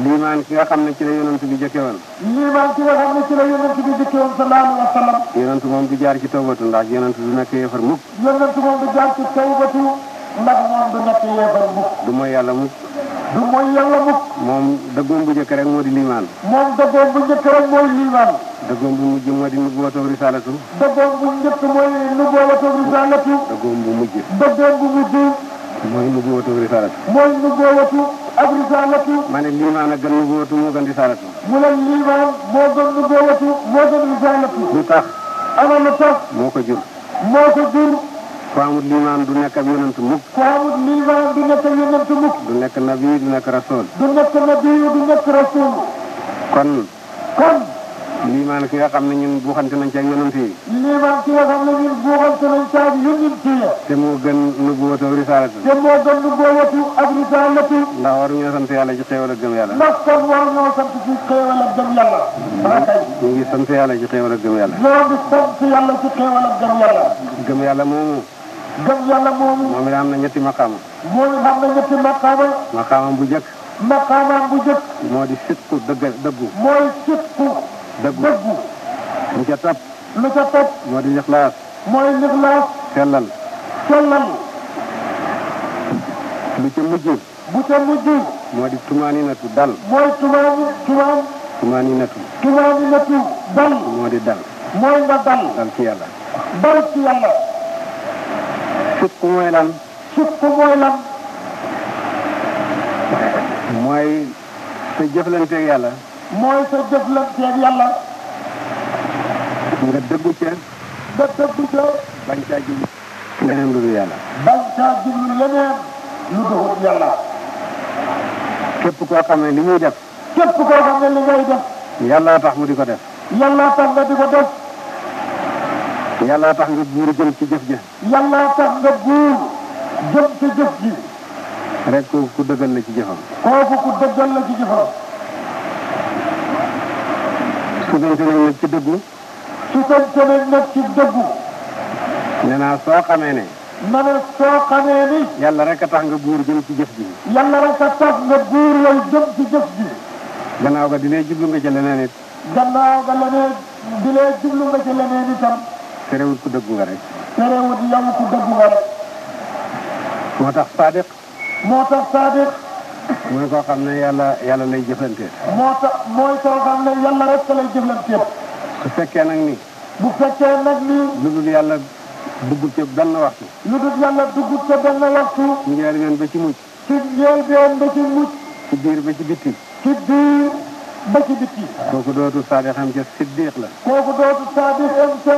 Speaker 2: liimaan ki nga xam ne ci la yonent bi jëkke woon liimaan ki nga xam ne ci la yonent bi jëkke woon sallallahu alayhi wa sallam yonent moom du jaar ci tawbatu ndax yonent du nekk yéefar mukk yonent moom du jaar ci tawbatu ndax moom du nekk yéefar mukk du mooy yàlla mukk du mooy yàlla mukk moom dëggoom bu njëkk rek moo di liimaan moom dëggoom bu njëkk rek mujj moo di nubuwatu risalatu dëggoom bu mujj dëggoom bu mujj mooy nubuwatu risalatu mooy nubuwatu ak risalatu ma ne liimaan a gën nubuwatu moo gën risalatu mu ne liimaan moo gën nubuwatu moo gën risalatu lu tax ana moo ko jur moo ko jur ku amut liimaan du nekk ab yonent mukk. ku amut liimaan du nekk ab yonent mukk. du nekk nabi du nekk rasul. du nekk nabi du nekk rasul. kon. kon. liimaan ki nga xam ne ñun buuxante nañ ci ak yonent yi. liimaan ki nga xam ne ñun buuxante nañ ci ak yonent yi. te moo gën nubuwatu ak risaalatu. te moo gën nubuwatu ak risaalatu. ndax war ñoo sant yàlla ci xéewal ak gëm yàlla. ndax kon war ñoo sant ci xéewal ak gëm yàlla. ñu ngi sant yàlla ci xéewal ak gëm yàlla. ñoo ngi sant yàlla ci xéewal ak gëm yàlla. gëm yàlla moomu. gëm yàlla moomu. moom it na ñetti maqaama. moom it am na ñetti maqaama. maqaamam bu njëkk. maqaamam bu njëkk. moo di sitku dëgg dëggu. mooy sitku. dëggu dëggu. lu ca topp. lu moo di lixlaas. mooy lixlaas. sellal. moo di tumaninatu dal. mooy tumaani dal. moo di dal. mooy nga dal. dal ci yàlla. dal ci yàlla. sukk mooy lan. sukk mooy lan. mooy sa jëflanteeg yàlla. mooy lan jëflanteeg yàlla. nga dëggu ca. nga dëggu ca. bañ caa jublu leneen lu dul yàlla. bañ caa jublu yàlla. képp koo xam li muy def. képp koo xam ne li yàlla tax mu di ko def. yàlla tax nga di ko def. yàlla tax nga buur jëm ci jëf ji. yàlla tax nga buur ci jëf ji. rek kooku ku dëggal la ci jëfam. kooku ku dëggal la ci jëfam. su fekkee ne nag ci dëggu. su fekkee naa soo xamee ne. ma ne soo xamee ni. rek a tax nga buur jëm ci jëf ji. yàlla rek a tax nga buur yow jëm ci jëf ji. gannaaw ga di lee nga ci leneen ga leneen
Speaker 1: di lee nga ci leneen
Speaker 2: terewul ku dëggu nga rek.
Speaker 1: terewul yow ku dëggu nga rek.
Speaker 2: moo tax Saadiq. moo tax Saadiq. mooy koo xam ne yàlla yàlla lay jëflanteel. moo tax mooy koo xam ne yàlla rek ka lay jëflanteel. su fekkee nag nii. bu fekkee nag nii. lu dul yàlla dugg ca benn waxtu. lu dul yàlla dugg ca benn waxtu. ci njëlbeen ba ci mucc. ci njëlbeen ba ci mucc. ci biir ba ci bitti. ci biir ba ci bitti. kooku dootu Saadiq am ca siddiq la. kooku dootu Saadiq am ca.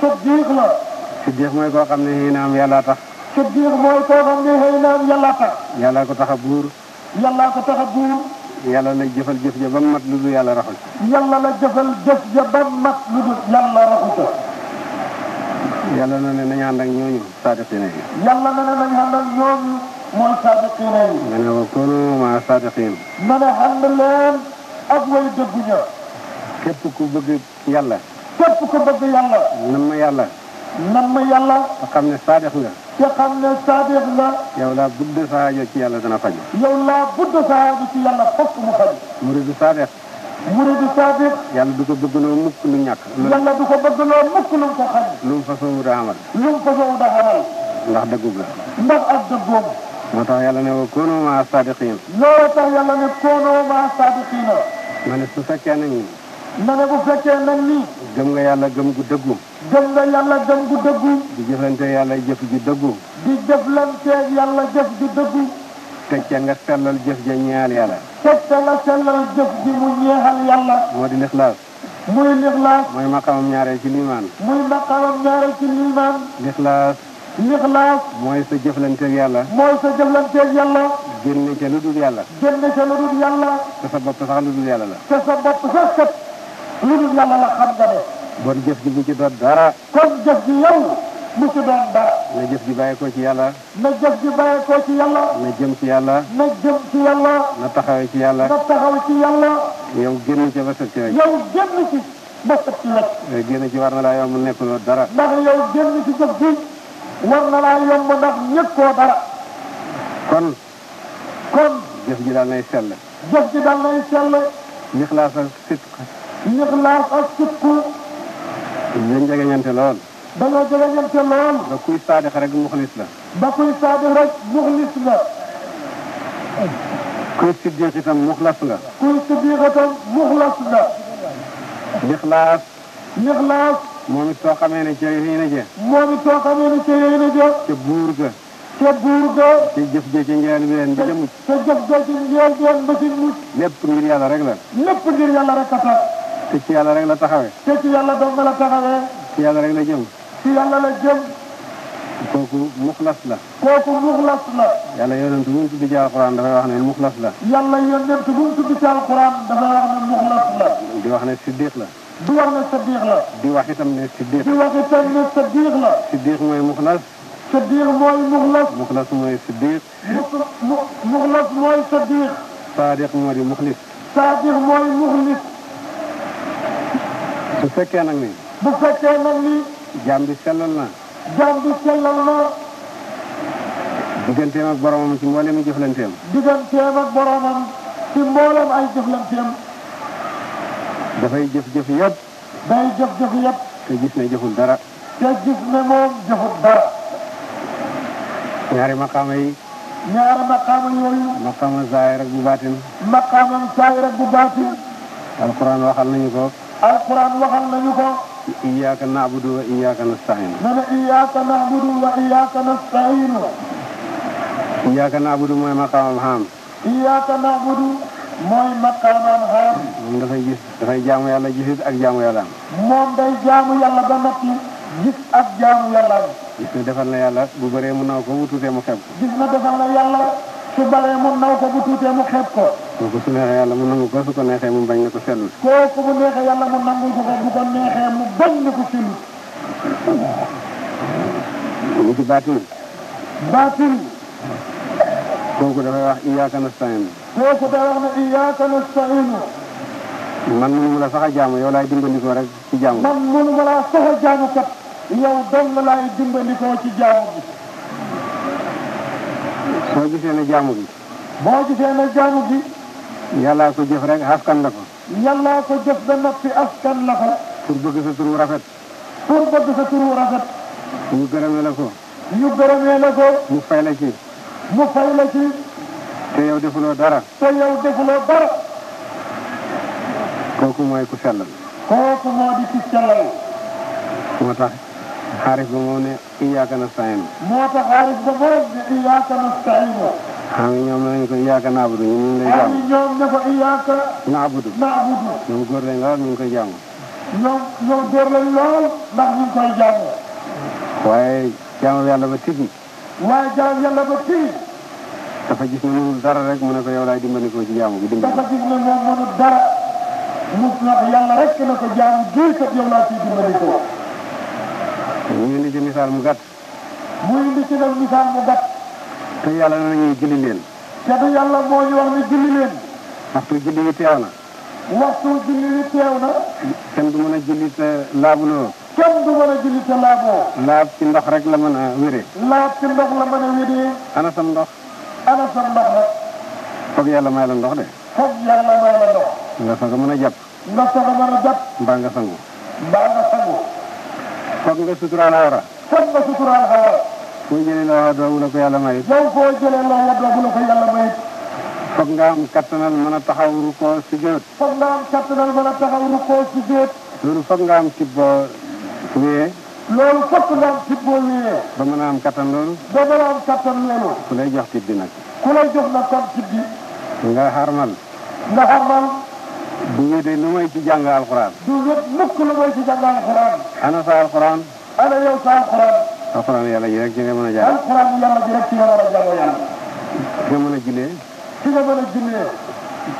Speaker 2: siddiq la. siddiq mooy koo xam ne xëy na am yàlla tax. siddiq mooy koo xam ne xëy na am yàlla tax. yàlla ko tax a buur. yàlla ko tax a buur. yàlla la jëfal jëf ja ba mat lu dul yàlla raxul. yàlla la jëfal jëf ja ba mat lu dul yàlla raxul. yàlla na ne nañu ànd ak ñooñu saadiqiina yi. yàlla na ne nañu ànd ak ñooñu mooy saadiqiina yi. ma ne wa kunu maa saadiqiin. ma ne ànd leen ak way dëgg ña. képp ku bëgg yàlla. képp ku bëgg yàlla. nam ma yàlla. nam ma yàlla. te xam ne saadix nga. te xam ne saadix nga. yow laa budd sa aajo ci yàlla dana faj. yow laa budd sa aajo ci yàlla fokk mu faj. muridu saadix. muridu saadix. yàlla du ko bëgg loo mukk lu ñàkk. yàlla du ko bëgg loo mukk lu ko xam. lu mu fasoo wu daamal. lu mu fasoo wu daamal. ndax dëggub la. ndax ak dëggoom. moo tax yàlla ne wa koonoo maa saadiqiin. looloo tax yàlla ne koonoo maa saadiqiin. ma ne su fekkee ne na ne bu fekkee nag nii. gëm nga yàlla gëm gu dëggu. gëm nga yàlla gëm gu dëggu. di jëflante yàlla jëf ju dëggu. di jëflante yàlla jëf ju dëggu. teg ca nga sellal jëf ja ñeexal yàlla. teg ca nga sellal jëf ji mu ñeexal yàlla. moo di lixlaas. muy lixlaas. mooy maqamam ñaareel ci liimaan. muy maqamam ñaareel ci liimaan. lixlaas. lixlaas. mooy sa jëflanteeg yàlla. mooy sa jëflanteeg yàlla. génne ca lu dul yàlla. génne ca lu dul yàlla. te sa bopp sax la. sa bopp lu dul la xam nga ne. bon jëf gi bu ci doon dara. kon jëf gi yow. mu ci doon dara. na jëf gi bàyyi ko ci yàlla. na jëf gi bàyyi ko ci yàlla. na jëm ci yàlla. na jëm ci yàlla. na taxaw ci yàlla. na taxaw
Speaker 1: ci yàlla. ci
Speaker 2: ba sëb ci rek. ci war na laa yomb nekkuloo dara. ndax yow génn ci jëf gi war na laa yomb ndax ñëkkoo dara. kon. gi daal nay sell. jëf gi daal nay Ixlaas ak Sikku. dañoo jegeñante lool. dañoo jegeñante lool. ba kuy saadix rek muxlis la. ba kuy saadix rek muxlis la. kuy siddiq itam muxlas la. kuy siddiq itam muxlas la. Ixlaas. Ixlaas. moom it soo xamee ne ca yéen a je. moom it soo xamee ne ca yéen a je. ca buur ga. te buur ga. te jëf jëf ci njëriñ bi leen ba ca mucc. te jëf jëf ci njëriñ bi leen ba ci mucc. lépp ngir yàlla rek la. lépp ngir yàlla rek a tax. te ci yàlla rek la taxawee. te ci yàlla dong la taxawee. ci yàlla rek la jëm. ci yàlla la jëm. kooku muxlas la. kooku muxlas la. yàlla yonent bu mu tudd ci alxuraan dafay wax ne muxlas la. yàlla yonent bu mu tudd ci alxuraan dafay wax ne muxlas la. di wax ne siddiq la. di wax ne siddiq la. di wax itam ne siddiq. di wax itam ne siddiq la. siddiq mooy muxlas. siddiq mooy muxlas. muxlas mooy siddiq. muxlas mooy siddiq. saadiq moo di muxlis. saadiq mooy muxlis. bu fekkee nag ni. bu fekkee nag ni. jaam bi sellal na. jaam bi sellal na. digganteem ak boromam ci mboolem ay
Speaker 1: ak boromam ci mboolem ay jëflanteem.
Speaker 2: dafay jëf-jëf yëpp. day jëf-jëf yëpp. te gis ne jëful dara. te gis ne moom jëful dara. ñaari maqaama ñaari maqaama yooyu. maqaama zaahir ak bu baatin. maqaamam zaahir ak bu baatin. alquran waxal nañu ko. alquran
Speaker 1: waxal nañu ko.
Speaker 2: iyyaka na'budu wa iyyaka nasta'in.
Speaker 1: nee na iyyaka na'budu wa iyyaka nasta'in.
Speaker 2: iyyaka na'budu mooy maqaamam xaam.
Speaker 1: iyyaka na'budu
Speaker 2: mooy maqaamam xaam. moom dafay gis dafay jaamu yàlla gisit ak jaamu yàlla. moom day jaamu yàlla ba noppi gis ak jaamu yàlla. gis na defal na yàlla bu bare mu naw ko bu tuutee mu xeeb. gis na defal na yàlla. su baree mu naw ko bu tuutee mu xeeb ko. kooku su neexee yàlla mu nangu ko su ko neexee mu bañ ko sellul.
Speaker 1: kooku bu mu nangu ko bu ko neexee mu bañ ne ko sellul.
Speaker 2: ñu ci baatin. baatin. kooku dafay wax iyaaka nasta'iin. kooku day wax man mënu ma la sax a jaamu yow laay dimbandikoo rek ci jaamu. man mënu ci jaamu boo gisee ne jaamu gi. boo gisee ne jaamu gi. yàllaa ko jëf rek askan la ko. yàllaa ko jëf ba noppi askan la ko. pour bëgg sa turu rafet. pour bëgg sa turu rafet. ñu gërëmee la ko. ñu gërëmee la ko. mu fay la ci. mu fay la ci. te yow defuloo dara. te yow defuloo dara. kooku mooy ku sellal. kooku moo di ci xaaris ba moom ne iyaaka nasta'iin. moo tax xaaris ba moom ne iyaaka nasta'iin. xam nga ñoom ne ko iyaaka naabudu ñun ñu ngi lay jaamu. xam ñoom ne ko iyaaka. naabudu naabudu. ñoom góor lañ lool ñu ngi koy jaamu.
Speaker 1: ñoom ñoom góor lañ lool ndax ñu ngi koy jaamu. waaye
Speaker 2: jaamu yàlla ba tiit.
Speaker 1: waaye jaamu yàlla ba tiit.
Speaker 2: dafa gis ne moom dara rek mu ne ko yow laay dimbali ko ci jaamu bi dimbali.
Speaker 1: dafa gis ne moom mënu dara. mu ne yàlla rek na ko jaamu gii kat yow laa ciy dimbali ko.
Speaker 2: mu indi ci misaal mu gàtt. mu indi ci nag misaal mu gàtt. te yàlla na ñuy julli leen. te du yàlla moo ñu wax ne julli leen. waxtu julli yi teew na. waxtu julli yi teew na. kenn du mën a julli te laabuloo. kenn du mën a julli te laaboo. laab ci ndox rek la mën a wéree. laab ci ndox la mën a wéree. ana ndox. ana sam ndox nag. foog yàlla may la ndox de. foog yàlla may la ndox. nga soog mën a jàpp. nga soog a mën a jàpp. mbaa nga sangu. foog nga suturaal awra. foog nga suturaal awra. foo jëlee loo doogu la ko yàlla mayit. yow foo jëlee ko yàlla mayit. foog nga am kattanal mën a taxaw rukkoo sujjóot. foog nga am kattanal a taxaw rukkoo sujjóot. loolu foog nga am tibboo wéyee. loolu foog nga am tibboo wéyee. ba mën a am kattan loolu. ba mën a am kattan loolu. ku lay jox tibbi nag. ku lay jox nag tam tibbi. nga xarmal. nga xarmal. du wéete lu may ci jàng alxuraan. du wéet mukk lu may ci jàng alxuraan. ana ana sa alxuraan. alxuraan yàlla ji rek ci nga a jàng.
Speaker 1: yàlla rek ci nga mën a jàng yàlla.
Speaker 2: ci nga mën a jullee.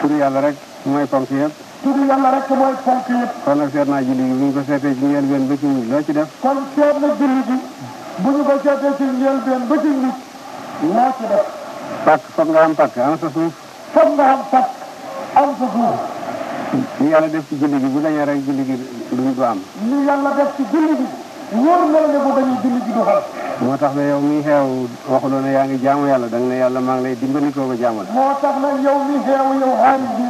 Speaker 2: ci nga mën rek mooy ponk yëpp. turu yàlla rek mooy ponk yëpp. kon nag naa julli bu ñu ko seetee ci njëlbeen ba ci mujj loo ci def. kon seet na julli bu ñu ko seetee ci njëlbeen ba ci mujj loo ci def. pàkk foog nga am pàkk am sa suuf. foog nga am pàkk am sa suuf. li yàlla def ci julli gi bu dañoo rek julli gi du du am. li yàlla def ci julli gi wóor na la ne bu dañuy julli gi du xal. moo tax ne yow mi xeew waxuloo ne yaa ngi jaamu yàlla danga ne yàlla maa ngi lay dimbali koo ko jaamu la. moo tax nag yow
Speaker 1: mi xeew yow xaalis bi.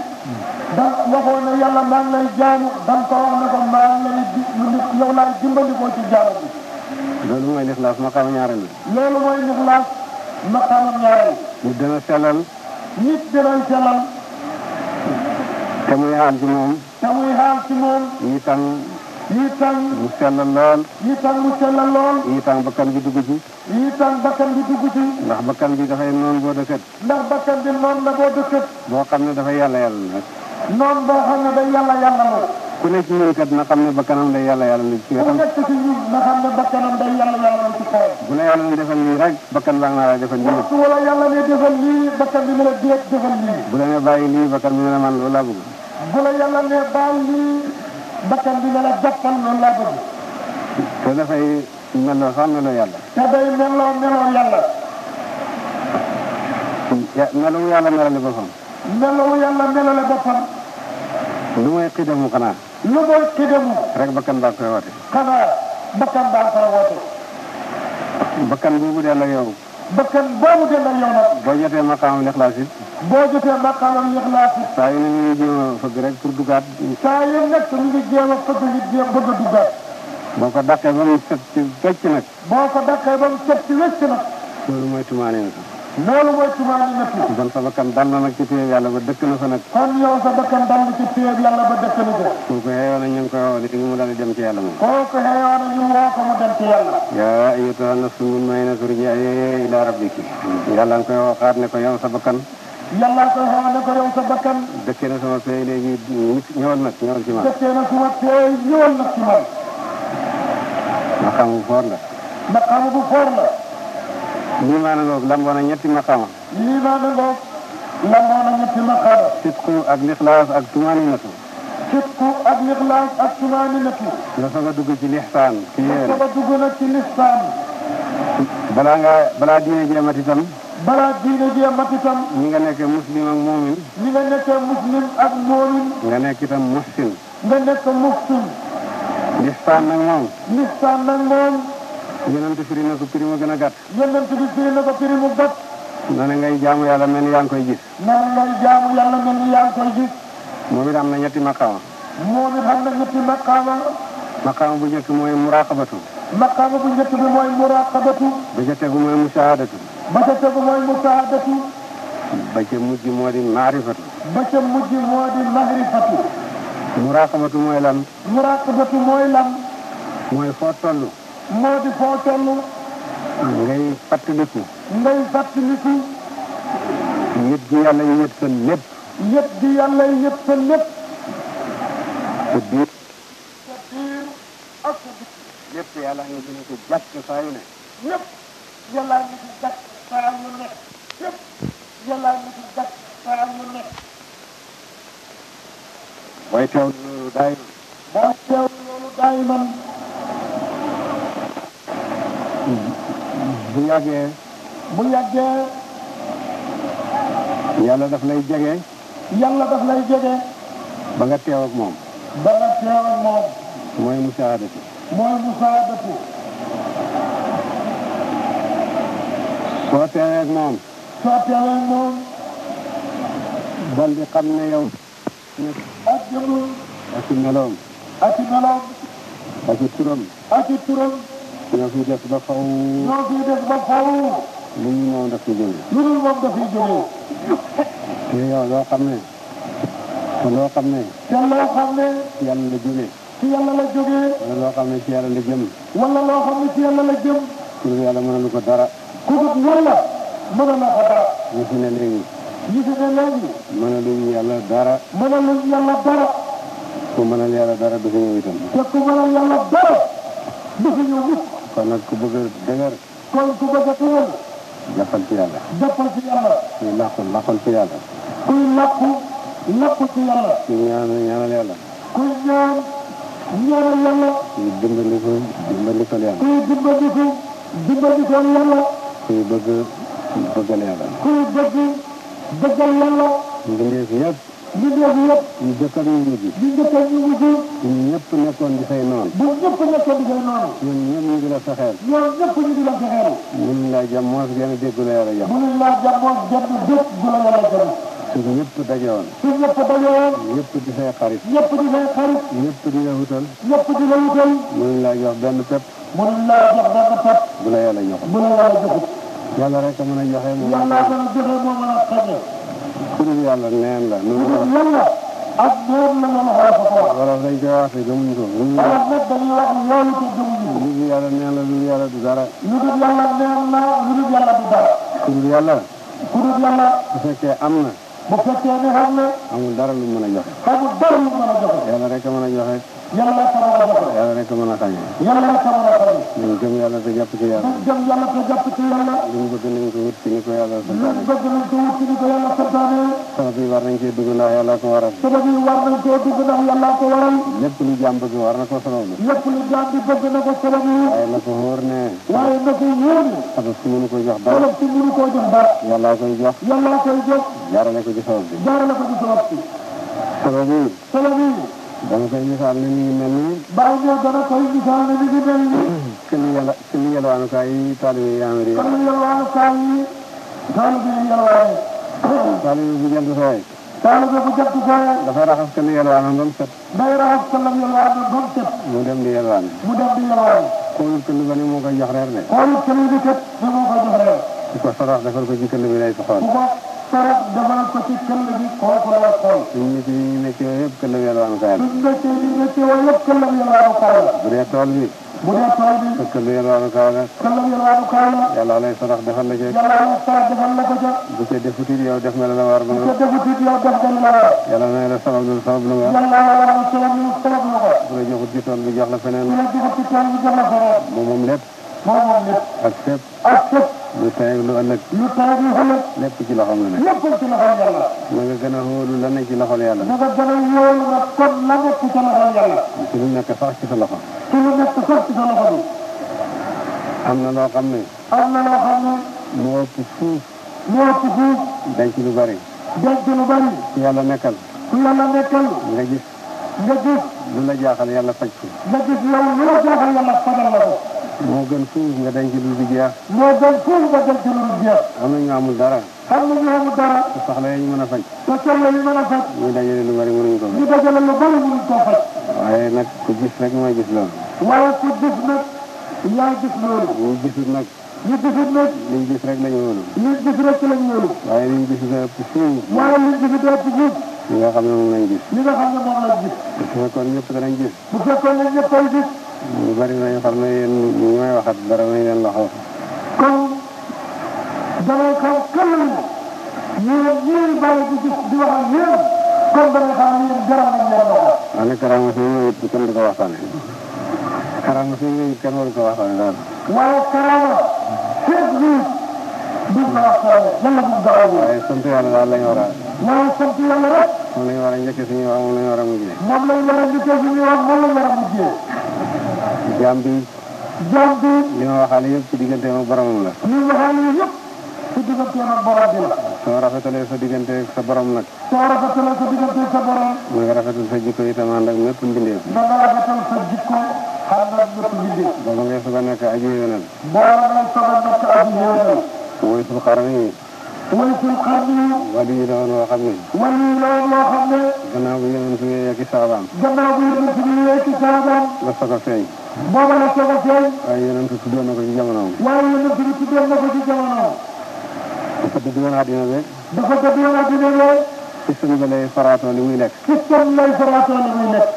Speaker 1: da waxoo ne yàlla maa ngi lay jaamu da nga ko wax ne ko maa ngi lay di yow laay dimbali koo ci jaamu bi.
Speaker 2: loolu mooy lixlaas maqaama ñaareel bi. loolu mooy lixlaas maqaama ñaareel. nit dana sellal. nit dana sellal. te muy xaal ci moom. te muy xaal ci moom. yii tam. yii tam. mu sell lool. yii tam mu sell lool. yii tam bakkan bi dugg ci. yii tam bakkan bi dugg ci. ndax bakkan bi dafay noon boo dëkkat. ndax bakkan bi noon la boo dëkkat. boo xam ne dafay yàlla yàlla nag. noon boo xam ne day yàlla yàlla moom. ku nekk ci ñun na xam ne ba kanam day yàlla yàlla ci wetam. ku nekk
Speaker 1: ci ñun na ne ba kanam day yàlla yàlla ci kawam. bu la yàlla
Speaker 2: ne defal lii rek bakkan baa nga la defal lii. waxtu wala
Speaker 1: ne defal lii bakkan bi mu la direct defal lii.
Speaker 2: la ne bàyyi lii bakkan bi mu la la yàlla ne la jàppal loolu laa bëgg. te dafay meloo sax meloo yàlla. te yàlla. ya yàlla melale yàlla melale boppam. lu may xidam mu xanaa. lu doon tëddamu. rek bakkan baa koy woote. xanaa bakkan baa koy woote. bakkan boobu delloo yow. bakkan boobu delloo yow nag. boo jotee maqaamul ixlaas yi. boo jotee maqaamul ixlaas yi. saa yu ne ñu ngi jéem a fëgg rek pour duggaat. saa yu nekk ñu ngi jéem a fëgg ñu jéem bëgg a duggaat. boo ko dàqee ba mu set ci wécc nag. boo ko dàqee ba mu set ci wécc nag. loolu mooy tumaane na. loolu mooy tumaani nekk. kon sa bakkan dal na ci téye yàlla ba dëkk na fa nag. kon yow sa dal na ci téye yàlla ba dëkk na fa. kooku xëyoon na ñu ngi koy woo di mu daal di dem ci yàlla moom. kooku xëyoon na ñu woo ko mu dem ci yàlla. yaa ayyatuha nafsu ko yow sa ko yow sa bakkan. dëkkee na sama peey léegi nit ñëwal nag ñëwal ci man. dëkkee na sama peey ci man. ma xamu bu foor la. ma xamu bu foor la. liimaana ngoog lamboo na ñetti maqaama. liimaana ngoog lamboo na ñetti maqaama. sitku ak lixlaas ak tumaaninatu. sitku ak lixlaas ak tumaaninatu. nga a nga soog a dugg nag ci lixsaan. balaa nga balaa diine jéemat itam. balaa diine jéemat itam. ñi nga nekkee muslim ak moomin. ñi nga nekkee muslim ak moomin. nga nekk itam muhsin. nga nekk muhsin. lixsaan nag moom. lixsaan nag moom. yonent bi firi na ko firi gën a gàtt. yonent bi firi na ko firi mu gàtt. nee na ngay jaamu yàlla mel ni yaa ngi koy gis. nee na ngay jaamu yàlla mel ni yaa ngi koy gis. moom na ñetti maqaama. moom it am na ñetti maqaama. maqaama bu njëkk mooy muraqabatu. maqaama bu njëkk bi mooy muraqabatu. ba ca tegu mooy mushahadatu. ba ca tegu mooy mushahadatu. ba ca mujj moo di maarifatu.
Speaker 1: ba ca mujj moo di maarifatu.
Speaker 2: muraqabatu mooy lan.
Speaker 1: muraqabatu mooy lan. mooy foo toll. moo di foo toll.
Speaker 2: ngay fàttaliku. ngay fàttaliku. yëpp gi yàlla yëpp sa lépp. yëpp gi yàlla yëpp sa lépp. sa biir.
Speaker 1: sa biir ak sa biir.
Speaker 2: lépp yàlla ngi gën ko jàkk saa yu ne.
Speaker 1: lépp yàlla ngi ci jàkk saa yu ne. lépp yàlla ngi ci jàkk saa yu ne.
Speaker 2: booy teew loolu daay.
Speaker 1: booy teew loolu daay man.
Speaker 2: bu yàggee. bu yàggee. yàlla daf lay jege. yàlla daf lay jege. ba nga teew ak moom. ba nga teew ak moom. mooy musaadatu.
Speaker 1: mooy musaadatu.
Speaker 2: soo teewee ak moom. soo teewee ak moom. dal di xam ne yow. ak jëmm. ak meloom. ak meloom. ak turam. ak turam. ñoo fi des ba faw. ñoo fi des ba faw. lu ñu moom daf fi jógee. lu dul moom daf fi jógee. te yow loo xam ne. te loo xam ne. te loo xam ne. ci yàlla la jógee. ci yàlla la jógee. wala loo xam ne ci yàlla la jëm. wala loo xam ne ci yàlla la jëm. ku dul yàlla mënalu ko dara. ku dul yàlla mënalu ko dara. ñu fi ne léegi. ñu fi ne léegi. mënaluñ yàlla dara. mënaluñ yàlla dara. ku mënal yàlla dara du fi ñëw itam. te ku mënal yàlla dara du fi ñëw kon nag ku bëgg a dëgër. kon ku bëgg a dëgër. jàppal ci yàlla. jàppal ci yàlla. kuy làqu làqal ci yàlla. kuy làqu làqu ci yàlla. kuy ñaan ñaanal yàlla. kuy ñaan ñaanal yàlla. kuy dimbandiku dimbandikal yàlla. kuy dimbandiku dimbandikal yàlla. kuy bëgg bëggal yàlla. kuy bëgg bëggal yàlla. mbindeef yëpp. li léegi yëpp. ñu jëkk ak ñu mujj. ñu jëkk ak ñu mujj. ñun ñëpp nekkoon di say noonu. ñun ñëpp nekkoon di say noonu. ñun ñëpp ñu ngi la fexeel. ñoom ñëpp ñu ngi la fexeel. mënuñ laa jàmm moos gën a dégg la yàlla jàmm. mënuñ laa jàmm moos gën a dégg la yàlla jàmm. suñu ñëpp dajewoon. suñu ñëpp dajewoon. ñëpp di say xarit. ñëpp di say xarit. ñëpp di la wutal. ñëpp di la wutal. mënuñ laa jox benn pepp. mënuñ laa jox benn pepp. bu la yàlla joxul. bu la yàlla joxul. yàlla rek a mën a joxe moo mën a ku dul yàlla neen la. lu dul yàlla
Speaker 1: ak neen la ñu mën a
Speaker 2: xool. waral dañ koy wax te gëmuñ ko. lu dul yàlla nag
Speaker 1: dañuy wax loolu te gëmuñ ko. lu
Speaker 2: dul yàlla neen la lu dul yàlla du dara. lu dul yàlla
Speaker 1: neen la lu dul yàlla du dara. ku dul yàlla. ku dul yàlla.
Speaker 2: bu fekkee am na. bu fekkee ne xam na. amul dara lu mën a joxe. amul dara lu mën a joxe. yàlla rek a mën a joxe. yàlla ka mën a defal. yàlla rek a mën a xañ. yàlla ka mën a xañ. nañ gëm yàlla te jàpp ci yàlla. nañ gëm yàlla te jàpp ci yàlla. li mu bëgg nañ ko wut ci ni ko yàlla santaane. li mu bëgg nañ ko wut ci ni ko yàlla santaane. sabab yi war nañ cee dugg ndax yàlla ko waral. sabab yi war nañ cee dugg ndax yàlla ko waral. lépp lu jaam bëgg war na ko sabab yi. lépp lu jaam bi bëgg na ko sabab yi. waaye na ko wóor ne. waaye na ko wóor ne. sabab si mënu ko jox dara. sabab si mënu ko jox dara. yàlla koy jox. yàlla koy jox. jaarale ko ci sabab bi. jaarale ko ci sabab bi. sabab yi. sabab yi. dana koy misaal ne mi ngi mel ni. bàyyi ne dana koy misaal ne mi ngi mel ni. kenn yàlla kenn yalwaanukaay yi taalibe yi amee. kenn yalwaanukaay yi. taalibe yi yalwaane. taalibe bu jant sooyee. taalibe bu jant sooyee. dafa raxas kenn yalwaane ba mu set. day raxas kenn yalwaane ba mu set. mu dem di yalwaane. mu dem di yalwaane. kóolut kenn ba ni moo koy jox reer de. kóolut kenn bi kat ni moo koy jox reer. di ko sarax defal ko ci kenn bi lay soxoon.
Speaker 1: toog defal ko ci këll bi
Speaker 2: kooku la xool. suñ métier yi ñu métier yëpp këll bi yalwaan kaay la. suñ métier yi métier wala yëpp këll bi yalwaan kaay la. bu dee tool bi. bu dee tool bi. te këll bi yalwaan kaay la. këll bi yalwaan kaay la. yàlla lay sarax defal la ca. yàlla lay sarax defal la ko ca. bu ca defutit yow def nga la war. bu ca defutit yow def nga la war. yàlla na la sabab lu sabab lu nga. yàlla na la sabab lu sabab lu nga. bu la joxut ci tool bi jox la feneen. bu la joxut ci tool bi jox la feneen. moom moom lépp. moom moom lépp. ak fépp. ak fépp. lu tey lu ëllëg. lu tey lu ëllëg. lépp ci loxoom la nekk. lépp ci loxoom yàlla. na nga gën a wóolu la ne ci loxol yàlla. na nga gën a wóolu nag kon la nekk ci sa loxol yàlla. ci lu nekk sax ci sa loxo. ci lu nekk sax ci sa loxo bi. am na loo xam ne. am na loo xam ne. moo ci fuuf. moo ci fuuf. denc lu bari. denc lu bari. ku yàlla nekkal. ku yàlla nekkal. nga gis. nga gis. lu la jaaxal yàlla faj ko. nga gis yow lu la jaaxal yàlla fajal la ko. moo gën fuuf nga denc lu dul jeex. moo gën fuuf nga denc lu dul jeex. am na ñu amul dara. am na ñu amul dara. te soxla yi ñu mën a faj. te soxla yi mën a faj. ñu dajale lu bari mënuñ ko faj. ñu dajale lu bari mënuñ ko faj. waaye nag ku gis rek mooy gis loolu. waaye ku gis nag yaa gis loolu. ñu gisut nag. ñu gisut nag. liñ gis rek lañ wóolu. liñ gis rek lañ wóolu. waaye liñ gisut ëpp fuuf. waaye liñ gisut ëpp fuuf. li nga xam ne moom lañ gis. li nga xam ne moom lañ gis. bu fekkoon ñëpp danañ gis. bu fekkoon ñëpp ay gis. ñu bëri nañu xam ne yéen ñi may waxat dara may leen loxo. kon
Speaker 1: dangay xam kenn ñu ñu bàyyi di di wax ak yéen kon dangay xam ne dara nañ leen loxo.
Speaker 2: ma ne karaama suñu yëpp kenn du ko waxtaane. karaama suñu yëpp kenn du ko waxtaane daal.
Speaker 1: waaye karaama fépp
Speaker 2: bi du ko waxtaane lan la ko doxee. waaye sant yàlla daal lañ war a. waaye sant yàlla rek. moom la ñu war a njëkkee suñuy wax moom la ñu war a mujjee. moom la ñu war a njëkkee suñuy wax moom la ñu war a mujjee. jaam bi. jaam bi. li ma waxaale yëpp ci digganteem ak boromam la. li ma waxaale yëpp ci digganteem ak borom bi la. soo rafetalee sa diggante ak sa borom nag. soo rafetalee sa diggante ak sa borom. mu ngi rafetal sa jikko itam ànd ak mépp mbindeef. da nga rafetal sa jikko ànd ak mépp mbindeef. booba ngay soog a nekk aji yéwénal. booba ngay soog a nekk aji yéwénal. woytul xarani. wala suñu xar bi. wala yi la woon loo xam ne. wala yi la woon loo xam ne. gannaaw bi yéen a ngi yee ci saabaam. gannaaw bi yéen a ngi yee ci saabaam. la soog a feeñ. booba la soog a feeñ. waaye yéen a ngi tuddoon na ko ci jamonoom. waaye yéen a ngi tuddoon na
Speaker 1: ko ci jamonoom.
Speaker 2: dafa dëgg woon àddina bi. dafa dëgg woon àddina bi. système bi lay faraatoon li muy nekk. système lay faraatoon li muy nekk.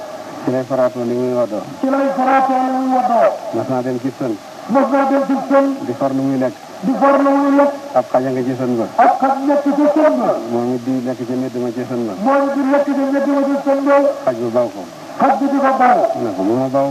Speaker 2: ci lay faraatoon li muy waddoo. ci lay faraatoon li muy waddoo. mas naa dem ci sën. mas naa dem ci sën. di far lu muy nekk. di bor la muy lépp. ab xaja nga gisoon ba. ab xaj nekk gisoon ba. moom it di lekk ci mbedd ma gisoon ba. moom it di lekk ci mbedd ma gisoon ba. xaj bu baw ko. xaj bi di ko baw. mu ne ko bu ma baw.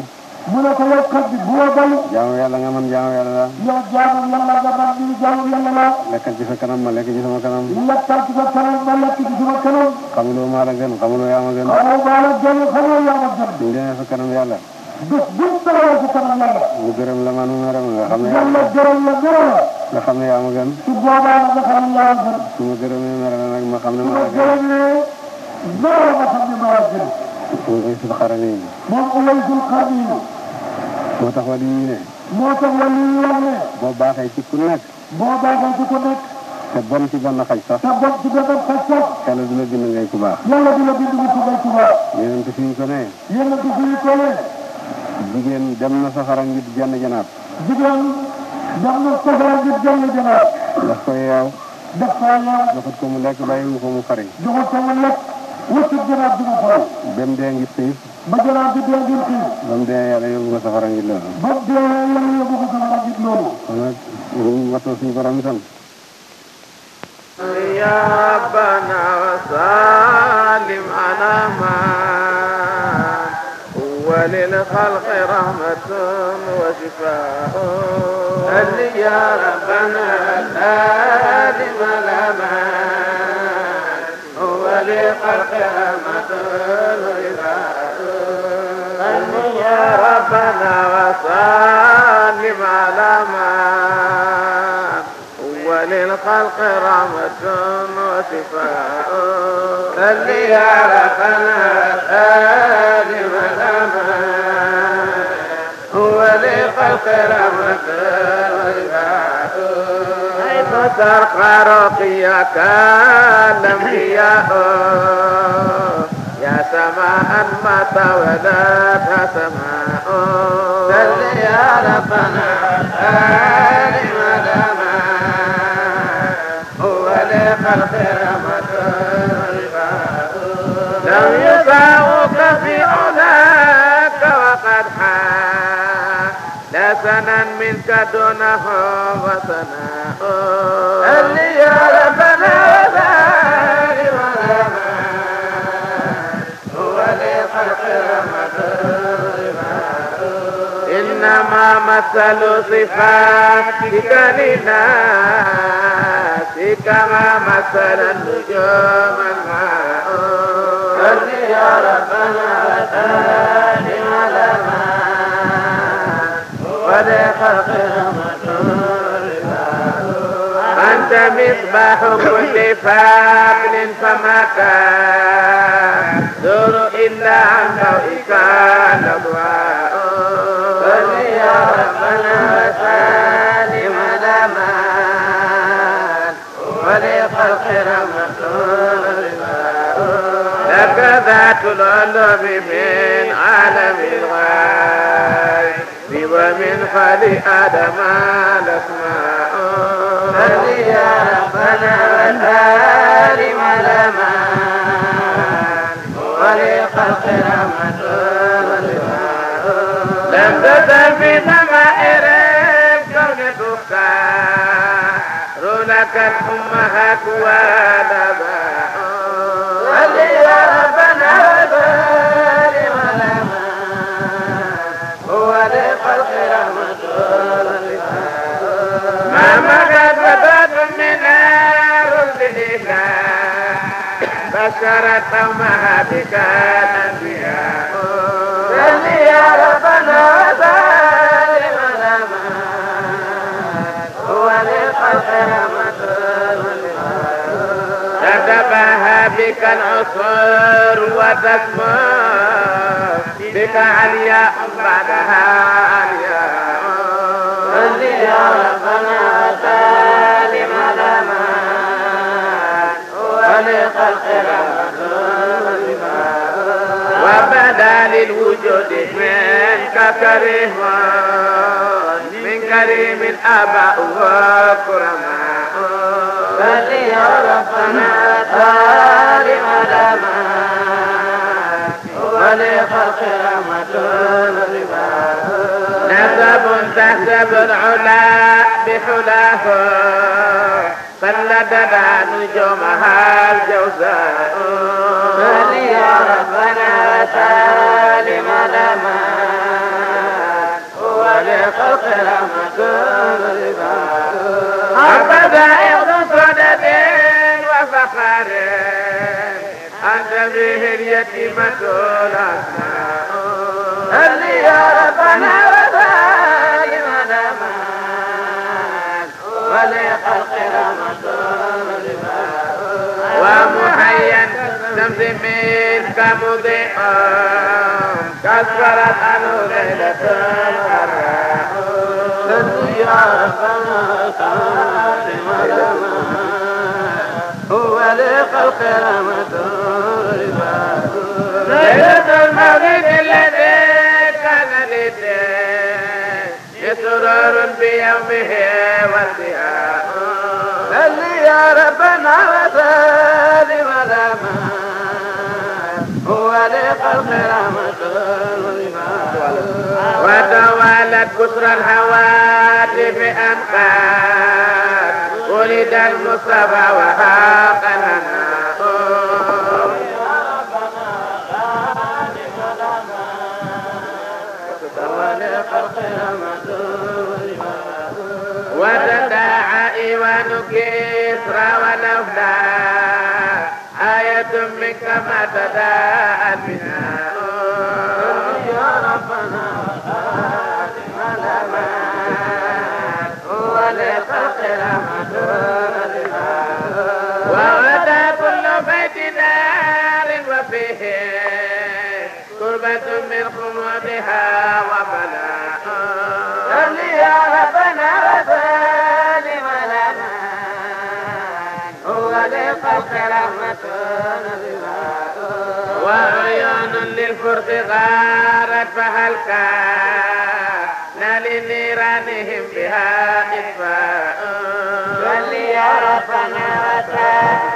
Speaker 2: mu ne ko yow xaj bi bu ma baw. jaamu yàlla nga man jaamu yàlla la. yow jaamu yàlla nga man di jaamu yàlla la. lekkal ci sa kanam ma lekk ci sama kanam. lekkal ci sa kanam ma lekk ci sama kanam. xamuloo maa la gën xamuloo yaa ma gën. xamuloo maa la gën xamuloo yaa ma gën. ñu demee sa kanam yàlla. bis buñ taxawal ci kanam yàlla. ñu gërëm la man meram nga xam ne. yàlla gërëm la gërëm la. nga xam ne yaa ma gën. si boobaa nga xam ne yaa ma gën. su ma gërëmee meram nag ma xam ne ma la gën. su ma gërëmee meram nga xam ne ma la gën. Uwaysul Qarniin. moom Uwaysul Qarniin. moo tax wala ñuy ne. moo tax wala ñuy wax ne. boo baaxee ci ku nekk. boo baaxee ci ku nekk. te bon ci benn xaj sax. te bon ci benn xaj sax. yàlla du la bind ngay ku baax. yàlla du la bind ngay ku baax. yéen a ngi ko fi ñu ko nee. yéen a ngi ko fi ñu ko nee. jigéen dem na safara ngir jenn janaat. jigéen dem na safara ngir jenn janaat. daf koy yeew. daf koy yeew. joxut ko mu lekk bàyyi ko mu fari. joxut ko mu lekk wëccëg janaat bi mu fari. ba mu dee ngir xiif. ba janaat bi dee ngir xiif. ba mu dee yàlla yóbbu ko safara ngir loolu. ba mu dee yàlla yóbbu ko safara ngir loolu. kon nag mu wattoo suñu borom itam. يا
Speaker 3: ربنا وسلم على ما الخلق رحمة وشفاء هل يا ربنا الآدم الأمان هو للخلق رحمة وشفاء هل يا ربنا وسلم على ما هو للخلق رحمة وشفاء هل يا ربنا الآدم الأمان ترقى رقيك الأنبياء يا سماء متى ولات سماء سل يا ربنا لمدما هو لخلق رمضان لم يساوي حسنا منك دونه وثناء اللي يا ربنا إنما مثل صفاتك للناس كما مثل النجوم الماء صل يا ربنا وتعالى أنت مصباح كل فاقل فما كان دور إلا عن ضوئك الأضواء صل يا ربنا وسلم على من ولخلق رمضان لك ذات العلوم من ومن خلي آدم الأسماء بل يا ربنا وسالم الأمان ولخلق رحمة لم تزل في ضمائر الكون تختار لك أمها والأباء ولي يا ربنا وسالم الأمان بشرة ما بك الأنبياء سلي يا ربنا وسلم هو للخلق رحمة تتباهى بك العصور وتسمى بك علياء بعدها للوجود منك كريم من كريم الآباء وكرماء بل يا ربنا كريم لما ولخلق رحمة رباء نظم تحسب العلا بحلاه فلدنا نجومها الجوزاء فليا ربنا سالم لما
Speaker 1: ولخلق
Speaker 3: رحمة أبدا إغض صدد وفخر أنت به اليتيمة الأسماء اللي يا ربنا لخلق رمضان
Speaker 1: ومحيا
Speaker 3: شمس منك مضيئا كسرت عنه ليلة الغراء سنيا هو لخلق رمضان ليلة المرء نور بيومه والضياء صل يا ربنا وسلم على من هو لخلق رحمة وتوالت بشرى الهواتف أنقاد ولد المصطفى وحاق الهوى كما بدا بنا يا ربنا وللخلق رحمة ووضع كل بيت دار وفيه تربة من خمودها وبلد وللخلق رحمة وعيون للفرد غارت فهل كان لنيرانهم بها إطفاء صلي يا ربنا وسلم